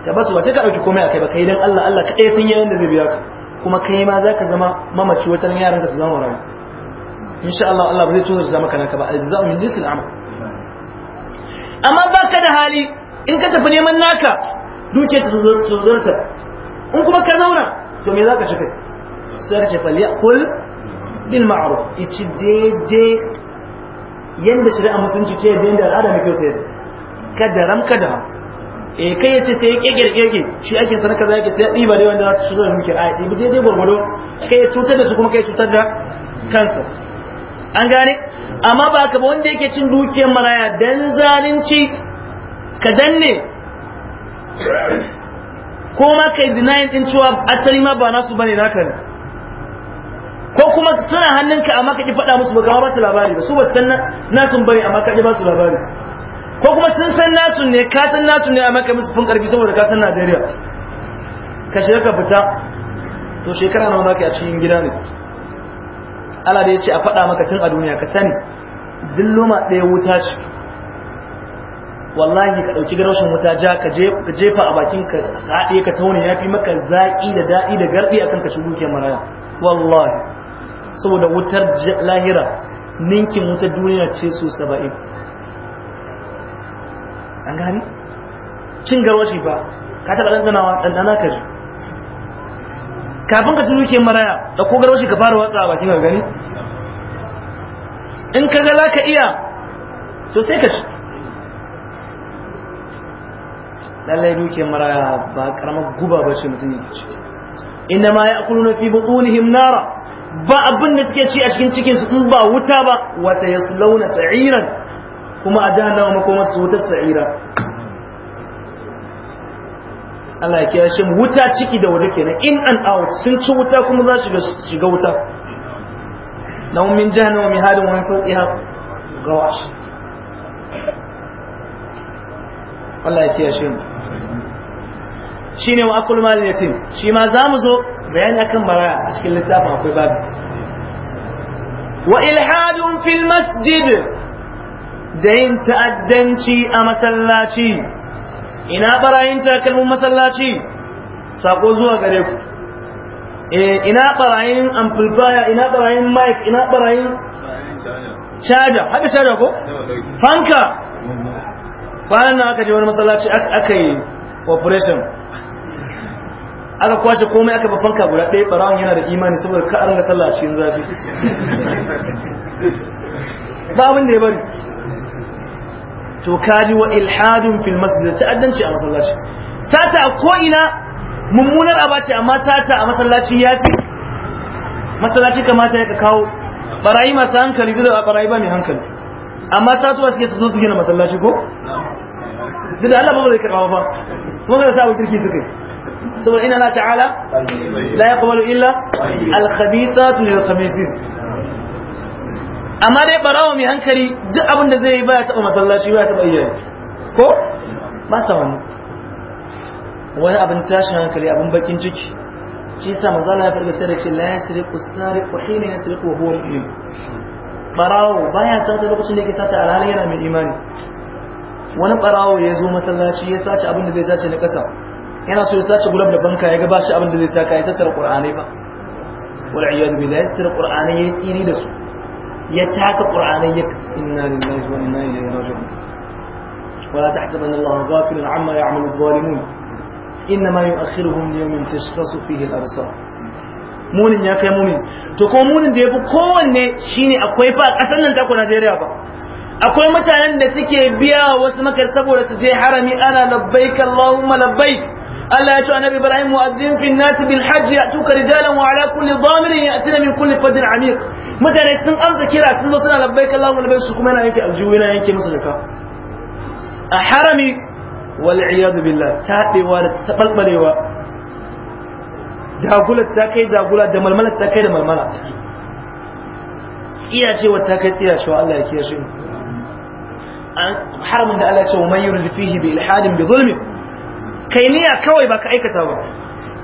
ka basu ba sai ka dauki komai a kai ba kai dan Allah Allah kadai san yayin da zai biya ka kuma kai ma za ka zama mamaci wata yaran ka su zama rawa insha Allah Allah ba zai tozar zama kana ka ba aljaza'u min jinsil amal amma ka da hali in ka tafi neman naka duke ta tozarta in kuma ka zauna to me zaka ci kai sai ka ce fal ya'kul bil ma'ruf ichi daidai yanda shari'a musulunci ce da yanda al'ada mai kyau ta yadda kada ram kada eh kai yace sai ya girgirge shi ake sana kaza yake sai diba dai wanda su zo muke a dibi dai dai gurgudo kai ya cutar da su kuma kai cutar da kansa an gane amma ba ka ba wanda yake cin dukiyar maraya dan zalunci ka danne ko ma kai denying din cewa asali ma ba nasu bane naka ne ko kuma suna hannunka amma ka ki faɗa musu ba ka ba su labari ba su ba san nasun bane amma ka ki ba su labari ko kuma sun san nasu ne ka san nasu ne a maka musu fun karfi saboda ka san Najeriya ka shiga ka fita to shekara nawa maka a cikin gida ne Allah da ya ce a faɗa maka tun a duniya ka sani duk ɗaya wuta ce wallahi ka ɗauki garoshin wuta ja ka jefa a bakin ka haɗe ka taune ya fi maka zaƙi da daɗi da garɗi akan ka shigo ke maraya wallahi saboda wutar lahira ninkin wutar duniya ce su saba'in an gani cin shi ba ka taɓa ɗanɗanawa ɗanɗana ka ji kafin ka tunu ke maraya da ko shi ka fara watsa a bakin gani in ka ga za ka iya so sai ka ci lallai dukiyar maraya ba karamar guba ba ce mutum yake ciki inda ma ya akulu na fi butunihim nara ba abin da suke ci a cikin cikin su in ba wuta ba wasa ya launa sa'iran kuma a jahannama makomar su wutar sa'ira Allah ya kiyashe mu wuta ciki da waje kenan in and out sun ci wuta kuma za su shiga wuta lahum min jahannama mihadun wani min fawqiha gawash Allah ya kiyashe Shi shine wa akul mal yatim shi ma za mu zo bayani akan maraya a cikin littafin akwai babu wa ilhadun fil masjid da yin ta'addanci a masallaci ina barayin takalmin masallaci sako zuwa gare ku eh, ina barayin amplifier ina barayin mic ina barayin charger haka charger ko fanka bayan nan aka je wani masallaci aka yi operation aka kwashe komai aka ba fanka guda ɗaya barawon yana da imani saboda ka an sallah sallah cikin zafi [LAUGHS] ba abin da ya bari to kaji wa ilhadun fil masjid ta'addanci a masallaci sata a ko ina mummunar abaci amma sata a masallaci ya fi masallaci kamata ya ka kawo barayi masu hankali duk da barayi ba mai hankali amma satuwa suke su zo su gina masallaci ko duk da Allah ba zai karɓa ba kuma ga sabu kirki suke saboda ina na ta'ala la yaqbalu illa al-khabithatu lil-khabithin amma dai barawa mai hankali duk abin da zai yi baya taba masallaci baya taba iyaye ko ba sa wani wani abin tashin hankali abin bakin ciki shi sa manzo Allah ya farga sai da ce la yasriqu sariqu hina yasriqu huwa mu'min barawo baya da lokacin da yake sata alhalin yana mai imani wani barawo ya zo masallaci ya sace abin da zai sace na kasa yana so ya sace gulab da banka ya ga shi abin da zai taka ya tattara qur'ani ba wal iyad billahi tattara qur'ani ya tsiri da su ya taka qur'anai ya inna lillahi wa inna ilaihi raji'un ولا تحسبن الله غافلا عما يعمل الظالمون انما يؤخرهم ليوم تشخص فيه الابصار munin ya kai munin to ko munin da yafi kowanne shine akwai fa kasar nan ta ku Najeriya ba akwai mutanen da suke biya wasu makar saboda su je harami ana labbaik Allahumma labbaik Allah ya ce annabi Ibrahim mu'azzin fi nasi bil hajji ya'tuka rijalan wa ala kulli dhamirin ya'tina min kulli fajin amiq mutane sun amsa kira sun zo suna labbaik Allahumma labbaik su kuma yana yanke aljihu yana yanke musu a harami wal iyad billah tabewa da tabalbalewa ta kai dagula da malmala ta da malmala tsiyacewa tsiyacewa Allah ya haramin da Allah ya ce wa man fihi bi ilhadin bi zulmin Kainiya kawai kawai baka aikata ba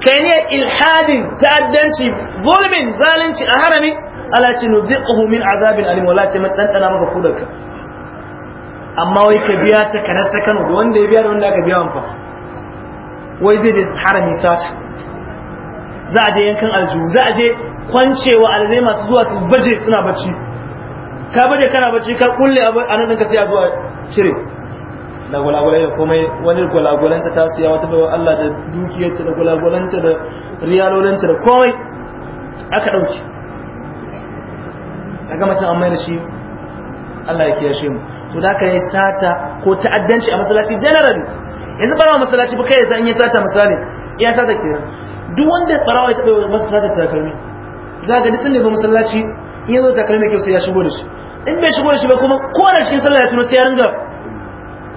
kainiya ilhadin ta'addanci zulmin zalunci a harami ala ce nuziquhu min azabin alim wala ce mun ɗanɗana maka kudarka amma wai ka biya ta kanar ta Kano da wanda ya biya da wanda aka biya wanfa wai zai je harami sata za a je yankan aljihu za a je kwancewa alzai masu zuwa su baje suna bacci ka baje kana bacci ka kulle a nan ka sai a zuwa cire da gulagulai da komai wani gwalagwalanta ta siya wata bawa Allah da dukiyarta da ta da riyalolanta da komai aka ɗauki a ga macin amma da shi Allah ya kiyashe mu to da aka yi sata ko ta'addanci a masallaci generally yanzu barawa masallaci ba kai ya san yi sata misali iya sata kenan duk wanda barawa ya taɓa masa sata karmi za ga duk ne ba masallaci in ya zo takalmi kyau sai ya shigo da shi in bai shigo da shi ba kuma kowane cikin sallah ya tuno sai ya ringa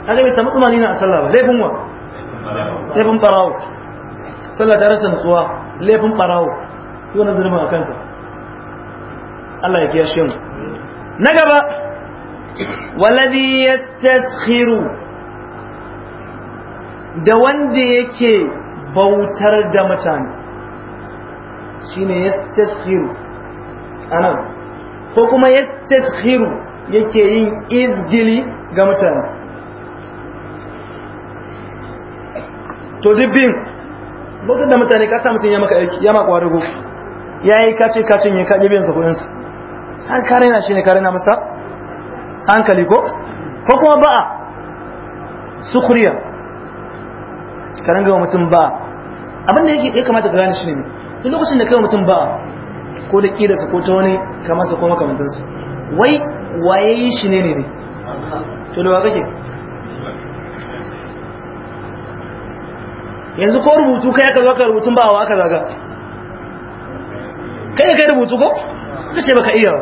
kaga bai samu dumani na a sallah ba laifin wa laifin barawo sallah ta rasa nutsuwa laifin barawo ko na zulma a kansa Allah ya kiyashe mu na gaba waladhi yastaskhiru da wanda yake bautar da mutane shine yastaskhiru anan ko kuma yastaskhiru yake yin izgili ga mutane to duk bin da mutane ka sa mutum ya maka aiki ya maka wadago ya yi kace kacin ya kaɗi biyan sa kuɗinsa an kare na shi ne kare na masa hankali ko ko kuma ba'a sukuriya ka ranga wa mutum ba'a abin da ya kamata ka gane shi ne Tun lokacin da kai mutum ba'a ko da ƙirarsa ko ta wani kamarsa ko makamantarsa wai waye shi shi ne ne to da wa kake yanzu ko rubutu kai aka zo ka rubutun ba wa aka zaga kai kai rubutu ko kace baka iya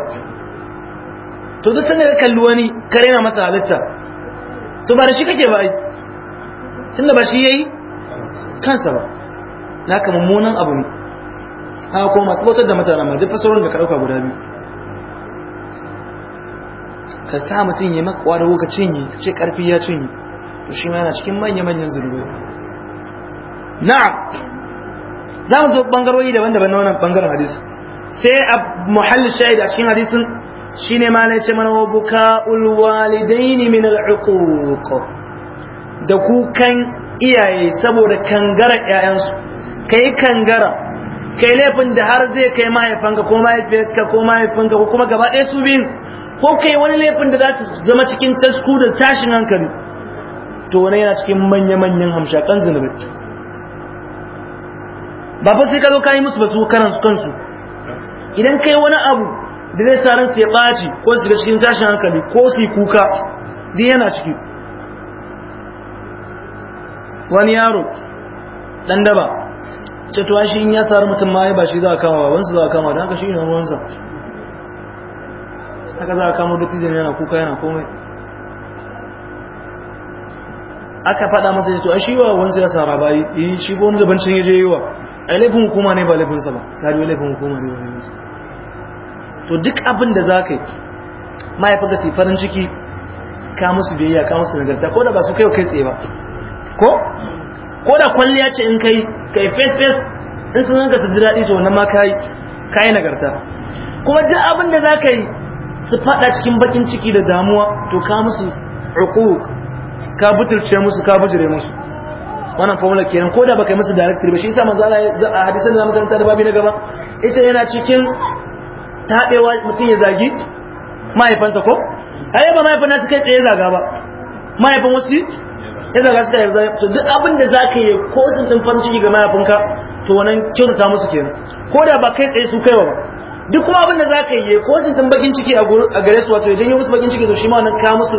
to duk sanda ka kalli wani ka rena masa halitta to ba da shi kake ba ai tunda ba shi yayi kansa ba ka mummunan abu ne ha kuma masu bautar da mutanen ma duk fasarorin da ka dauka guda biyu ka sa mutum ya maka da wuka cinye ka ce karfi ya cinye to shi ma yana cikin manya-manyan zunubai na'am za mu zo bangarori daban-daban na wannan bangaren hadisi sai a muhallin shahid a cikin hadisin shine ma ne ce mana wa buka'ul walidaini min al'uquq da kukan iyaye saboda kangara ƴaƴansu kai kangara kai laifin da har zai kai mahaifanka ko ka ko ka ko kuma gaba ɗaya su biyu ko kai wani laifin da za ta zama cikin tasku da tashin hankali to wani yana cikin manya-manyan hamshakan zunubi ba fa sai ka zo ka yi musu ba su karan kansu idan kai wani abu da zai saran su ya ɓaci ko su ga cikin tashin hankali ko su yi kuka din yana ciki wani yaro ɗan daba ce to shi in ya sari mutum ma ba shi za a kama ba wani za a kama don haka shi ne wansa? haka za a kama duk da yana kuka yana komai aka faɗa masa ya to a shi wa wani ya sara ba yi shi ko wani daban can ya je yi wa a laifin hukuma ne ba laifinsa ba ta yi laifin hukuma ne ba laifinsa to duk abin da za ka yi mahaifinka su farin ciki ka musu biyayya ka musu nagarta ko da ba su kai kai tsaye ba ko ko da kwalliya ce in kai kai face face in sun zanga su ji daɗi to wannan ma kai kai nagarta kuma duk abin da za ka yi su faɗa cikin bakin ciki da damuwa to ka musu uquq ka butulce musu ka bujire musu wannan formula kenan ko da baka yi masa directory ba shi yasa manzo Allah a hadisan da muka karanta da babi na gaba yace yana cikin tabewa mutum ya zagi mahaifansa ko ai ba mahaifan nasu kai tsaye zaga ba mahaifan wasu ya zaga suka yarda to duk abin da zaka yi ko sun din farin ciki ga mahaifinka to wannan kyautata musu kenan ko da ba kai tsaye su kaiwa ba duk kuma abin da zaka yi ko sun din bakin ciki a gare su wato idan ya musu bakin ciki to shi ma wannan ka musu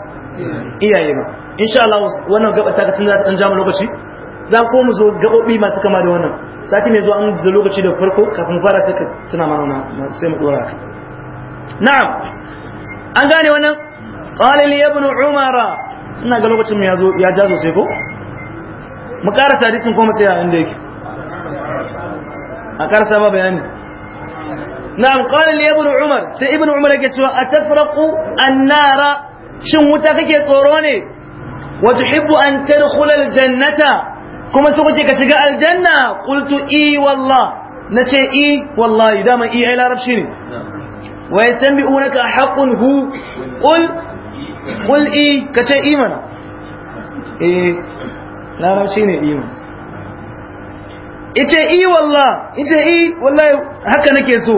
iyaye in sha Allah wannan gaba ta tun za ta lokaci za ko mu zo gabobi masu kama da wannan sati mai zuwa an da lokaci da farko kafin fara sai ka tuna mana sai mu dora na'am an gane wannan qala li ibn umar ina ga lokacin mu ya zo ya ja sosai ko mu ƙara saditin ko mu tsaya inda yake a ƙarasa ba bayani na'am qala li ibn umar sai ibn umar yake cewa atafraqu an-nara shin wuta kake tsoro ne wa tuhibbu an tadkhula aljannata kuma so kuce ka shiga aljanna qultu i e, wallah nace i e, wallahi dama i e ai larabci ne wa yastanbi'unaka haqqun hu qul qul i kace i mana eh larabci ne i mana ita i wallah ita i wallahi haka nake so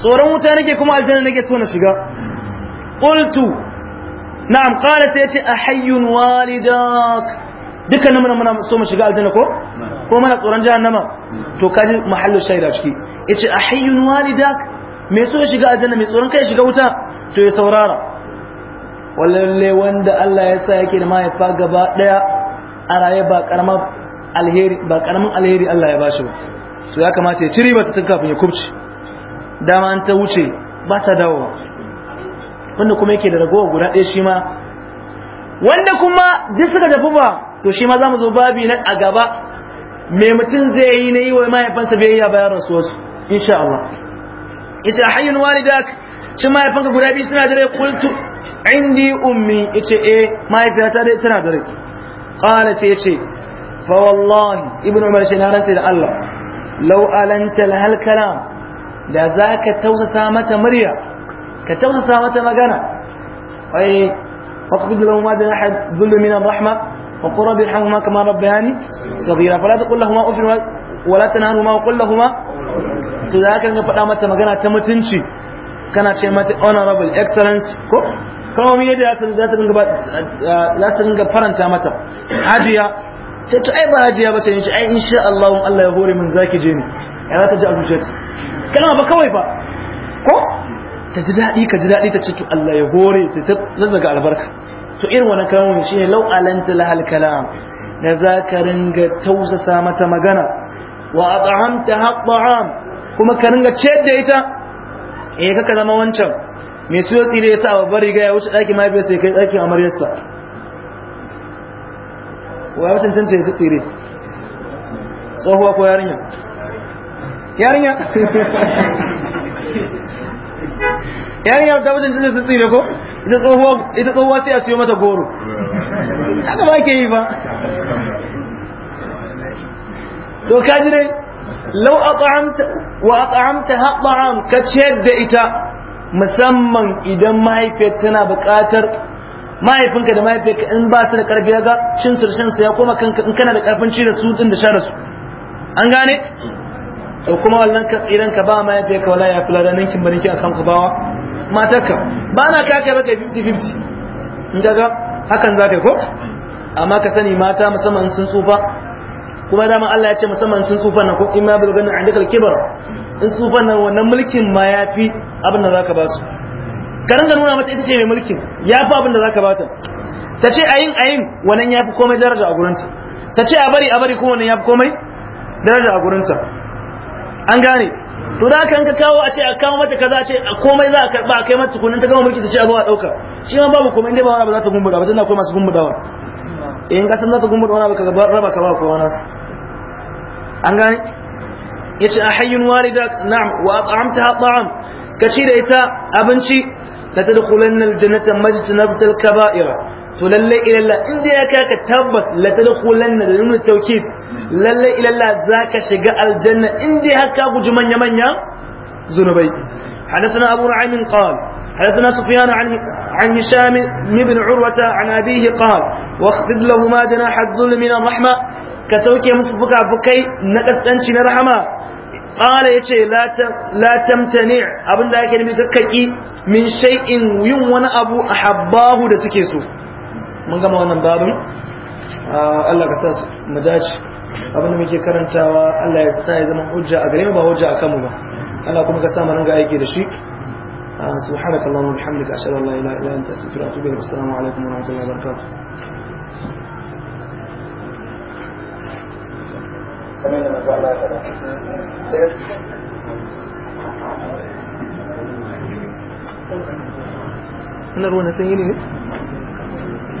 tsoron wuta nake kuma aljanna nake so na shiga qultu na'am qala sai yace ahayyun walidak duka nan muna so mu shiga aljanna ko ko mana tsoron jahannama to kaji mahallu shaida ciki yace ahayyun walidak me so shiga aljanna me tsoron kai shiga wuta to ya saurara wallalle wanda Allah ya sa yake da mahaifa gaba daya a raye ba karamar alheri ba karamin alheri Allah ya bashi ba so ya kamata ya ciri ba tun kafin ya kubce dama an ta wuce ba ta dawowa wanda kuma yake da ragowa guda ɗaya shi ma wanda kuma duk suka tafi ba to shi ma za mu zo babi na a gaba me mutum zai yi na yi wa mahaifansa biyayya bayan rasuwarsu insha Allah ita hayyun walidak shi mahaifanka guda biyu suna dare kultu indi ummi yace eh mahaifiyata dai tana dare qala sai yace fa wallahi ibnu umar shi na rantsa da Allah law alanta lahal kalam da zaka tausasa mata murya ka tausasa mata magana ai faqbid lahum ma janaha dhullu min rahma wa qur rabbi kama fala taqul lahum uf wa la wa qul lahum to da kan faɗa mata magana ta mutunci kana ce mata honorable excellence ko kawo mi yadda za ta dinga za ta dinga faranta mata hadiya sai to ai ba hajiya ba sai in ai insha Allah Allah ya hore min zaki je ni ya za ta ji a zuciyarta ba kawai ko ta ji daɗi ka ji daɗi ta ce to Allah ya gore ta zazzaga albarka to irin wani kalmomi shine lau alanta hal kalam da za ka ringa tausasa mata magana wa at'amta haqqa'am kuma ka ringa ciyar da ita eh kaka zama wancan su suyo tsire yasa babbar riga ya wuce ɗakin mahaifiyar sai kai ɗakin sa wa wancan tanta ya tsire tsohuwa ko yarinya yarinya [LAUGHS] yarinya ta wajen cikin su tsire ko ita tsohuwa sai a ciyo mata goro haka ba ke yi ba to ka ji dai lau at'amta wa at'amta haɗa'am ka ciyar da ita musamman idan mahaifiyar tana buƙatar mahaifinka da mahaifiyarka in ba su da ƙarfi ya ga cin su ya koma kanka in kana da ƙarfin cire su ɗin da sha da su an gane to kuma wannan ka tsiran ka ba ma ya ka wala ya fula da ninkin ba ninkin akan ku bawa ka, ba na ka kai baka 50-50 in daga hakan za ka ko amma ka sani mata musamman sun tsufa kuma dama Allah ya ce musamman sun tsufa na ko in bil ganna na andakal kibar in tsufan nan wannan mulkin ma ya fi abin da za ka ba su ka ringa nuna mata ita ce mai mulkin ya fi abin da za ka ba ta ta ce ayin ayin wannan ya fi komai daraja a gurin ta Ta ce a bari a bari kuma wannan ya fi komai daraja a gurin ta. an gane to da ka ka kawo a ce a kawo mata kaza a ce komai za a karba a kai mata tukunin ta gama mulki ta ce a a dauka shi ma babu komai inda ba ba za ta gumbuda ba tana akwai masu wa eh, in ka san za ta gumbuda wani ka raba ka ba kowa nasu an gane yace a hayyun walida na'am wa at'amtaha ta'am ci da ita abinci la tadkhulanna aljannata majtanabta alkaba'ira to lallai ilalla in dai ya kaka tabbas la tadkhulanna da nuna tawkid lallai ilalla zaka shiga aljanna in dai har ka guji manya manya zunubai hadathana abu nu'aym qala حدثنا سفيان عن عن هشام بن عروة عن أبيه قال واخفض لهما جناح الذل من الرحمة كتوكي مصبك بكي نقص أنشي رحمة قال يتشي لا لا تمتنع أبن ذاك من شيء يوم أبو أحباه دسكيسو mun gama wannan babin Allah ka sa mu dace abin da muke karantawa Allah ya sa ya zama hujja a gare mu ba hujja a kanmu ba Allah kuma ka sa mu ringa aiki da shi subhanakallahumma bihamdika ashhadu an la ilaha illa anta astaghfiruka wa atubu ilaik assalamu alaikum wa rahmatullahi wa barakatuh kamar da masu na ruwa na ne